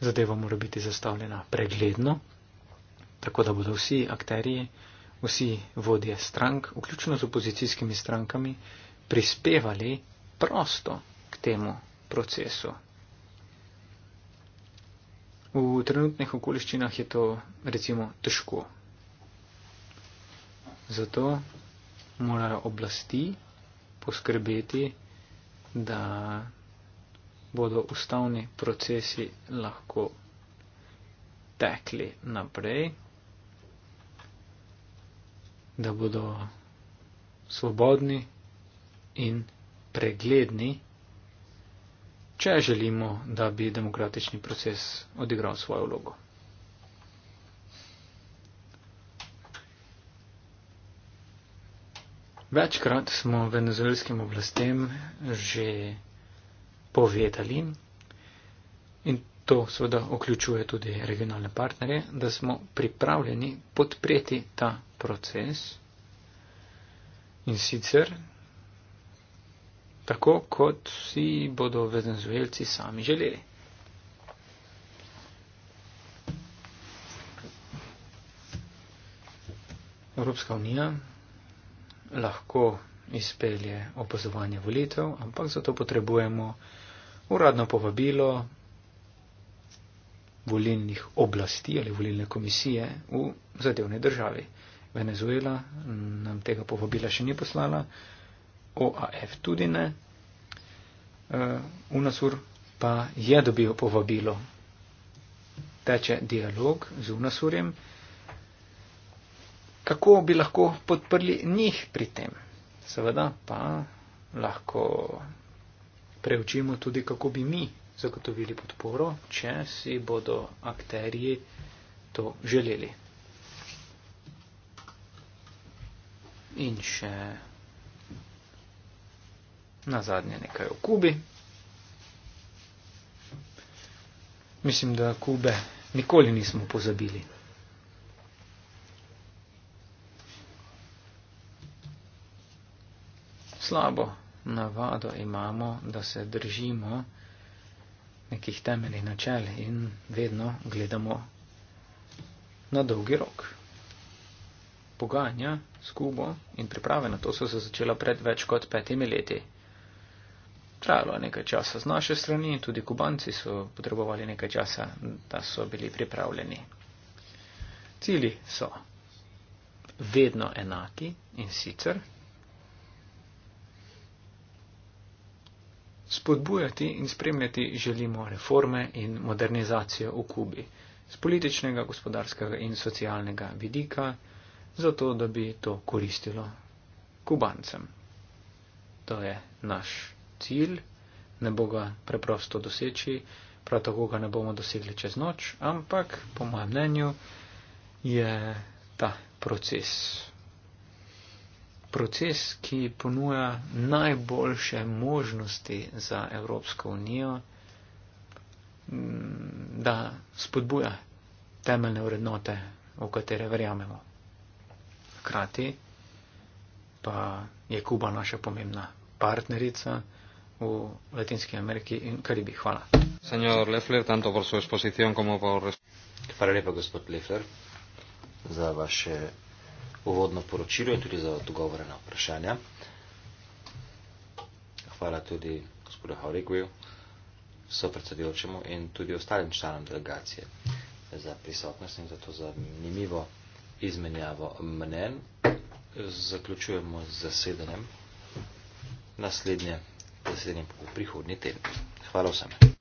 Zadeva mora biti zastavljena pregledno, tako da bodo vsi akteri, vsi vodje strank, vključno z opozicijskimi strankami, prispevali prosto k temu procesu. V trenutnih okoliščinah je to recimo težko. Zato morajo oblasti poskrbeti, da bodo ustavni procesi lahko tekli naprej, da bodo svobodni in pregledni, če želimo, da bi demokratični proces odigral svojo vlogo. Večkrat smo venezuelskim oblastem že povedali, in to seveda vključuje tudi regionalne partnerje, da smo pripravljeni podpreti ta proces in sicer tako, kot si bodo venezuelci sami želeli. Evropska unija lahko izpelje opazovanje volitev, ampak zato potrebujemo uradno povabilo volilnih oblasti ali volilne komisije v zadevni državi. Venezuela nam tega povabila še ni poslala, OAF tudi ne, eh, UNASUR pa je dobil povabilo. Teče dialog z UNASURjem kako bi lahko podprli njih pri tem. Seveda pa lahko preučimo tudi, kako bi mi zagotovili podporo, če si bodo akterji to želeli. In še na zadnje nekaj o Kubi. Mislim, da Kube nikoli nismo pozabili. slabo navado imamo, da se držimo nekih temeljnih načel in vedno gledamo na dolgi rok. Pogajanja, skubo in priprave na to so se začela pred več kot petimi leti. Trajalo je nekaj časa z naše strani in tudi kubanci so potrebovali nekaj časa, da so bili pripravljeni. Cili so vedno enaki in sicer Spodbujati in spremljati želimo reforme in modernizacijo v Kubi z političnega, gospodarskega in socialnega vidika, zato da bi to koristilo Kubancem. To je naš cilj, ne bo ga preprosto doseči, prav tako ga ne bomo dosegli čez noč, ampak po mojem mnenju je ta proces proces, ki ponuja najboljše možnosti za Evropsko unijo, mm, da spodbuja temeljne vrednote, v katere verjamemo. Hkrati pa je Kuba naša pomembna partnerica v Latinski Ameriki in Karibih. Hvala. Lefler, tanto por su como por... Hvala lepa, gospod Lefler, za vaše uvodno poročilo in tudi za odgovore na vprašanja. Hvala tudi gospodu Horigwil, so predsedujočemu in tudi ostalim članom delegacije za prisotnost in za to zanimivo izmenjavo mnen. Zaključujemo z zasedanjem naslednje zasedanje po prihodnji teden. Hvala vsem.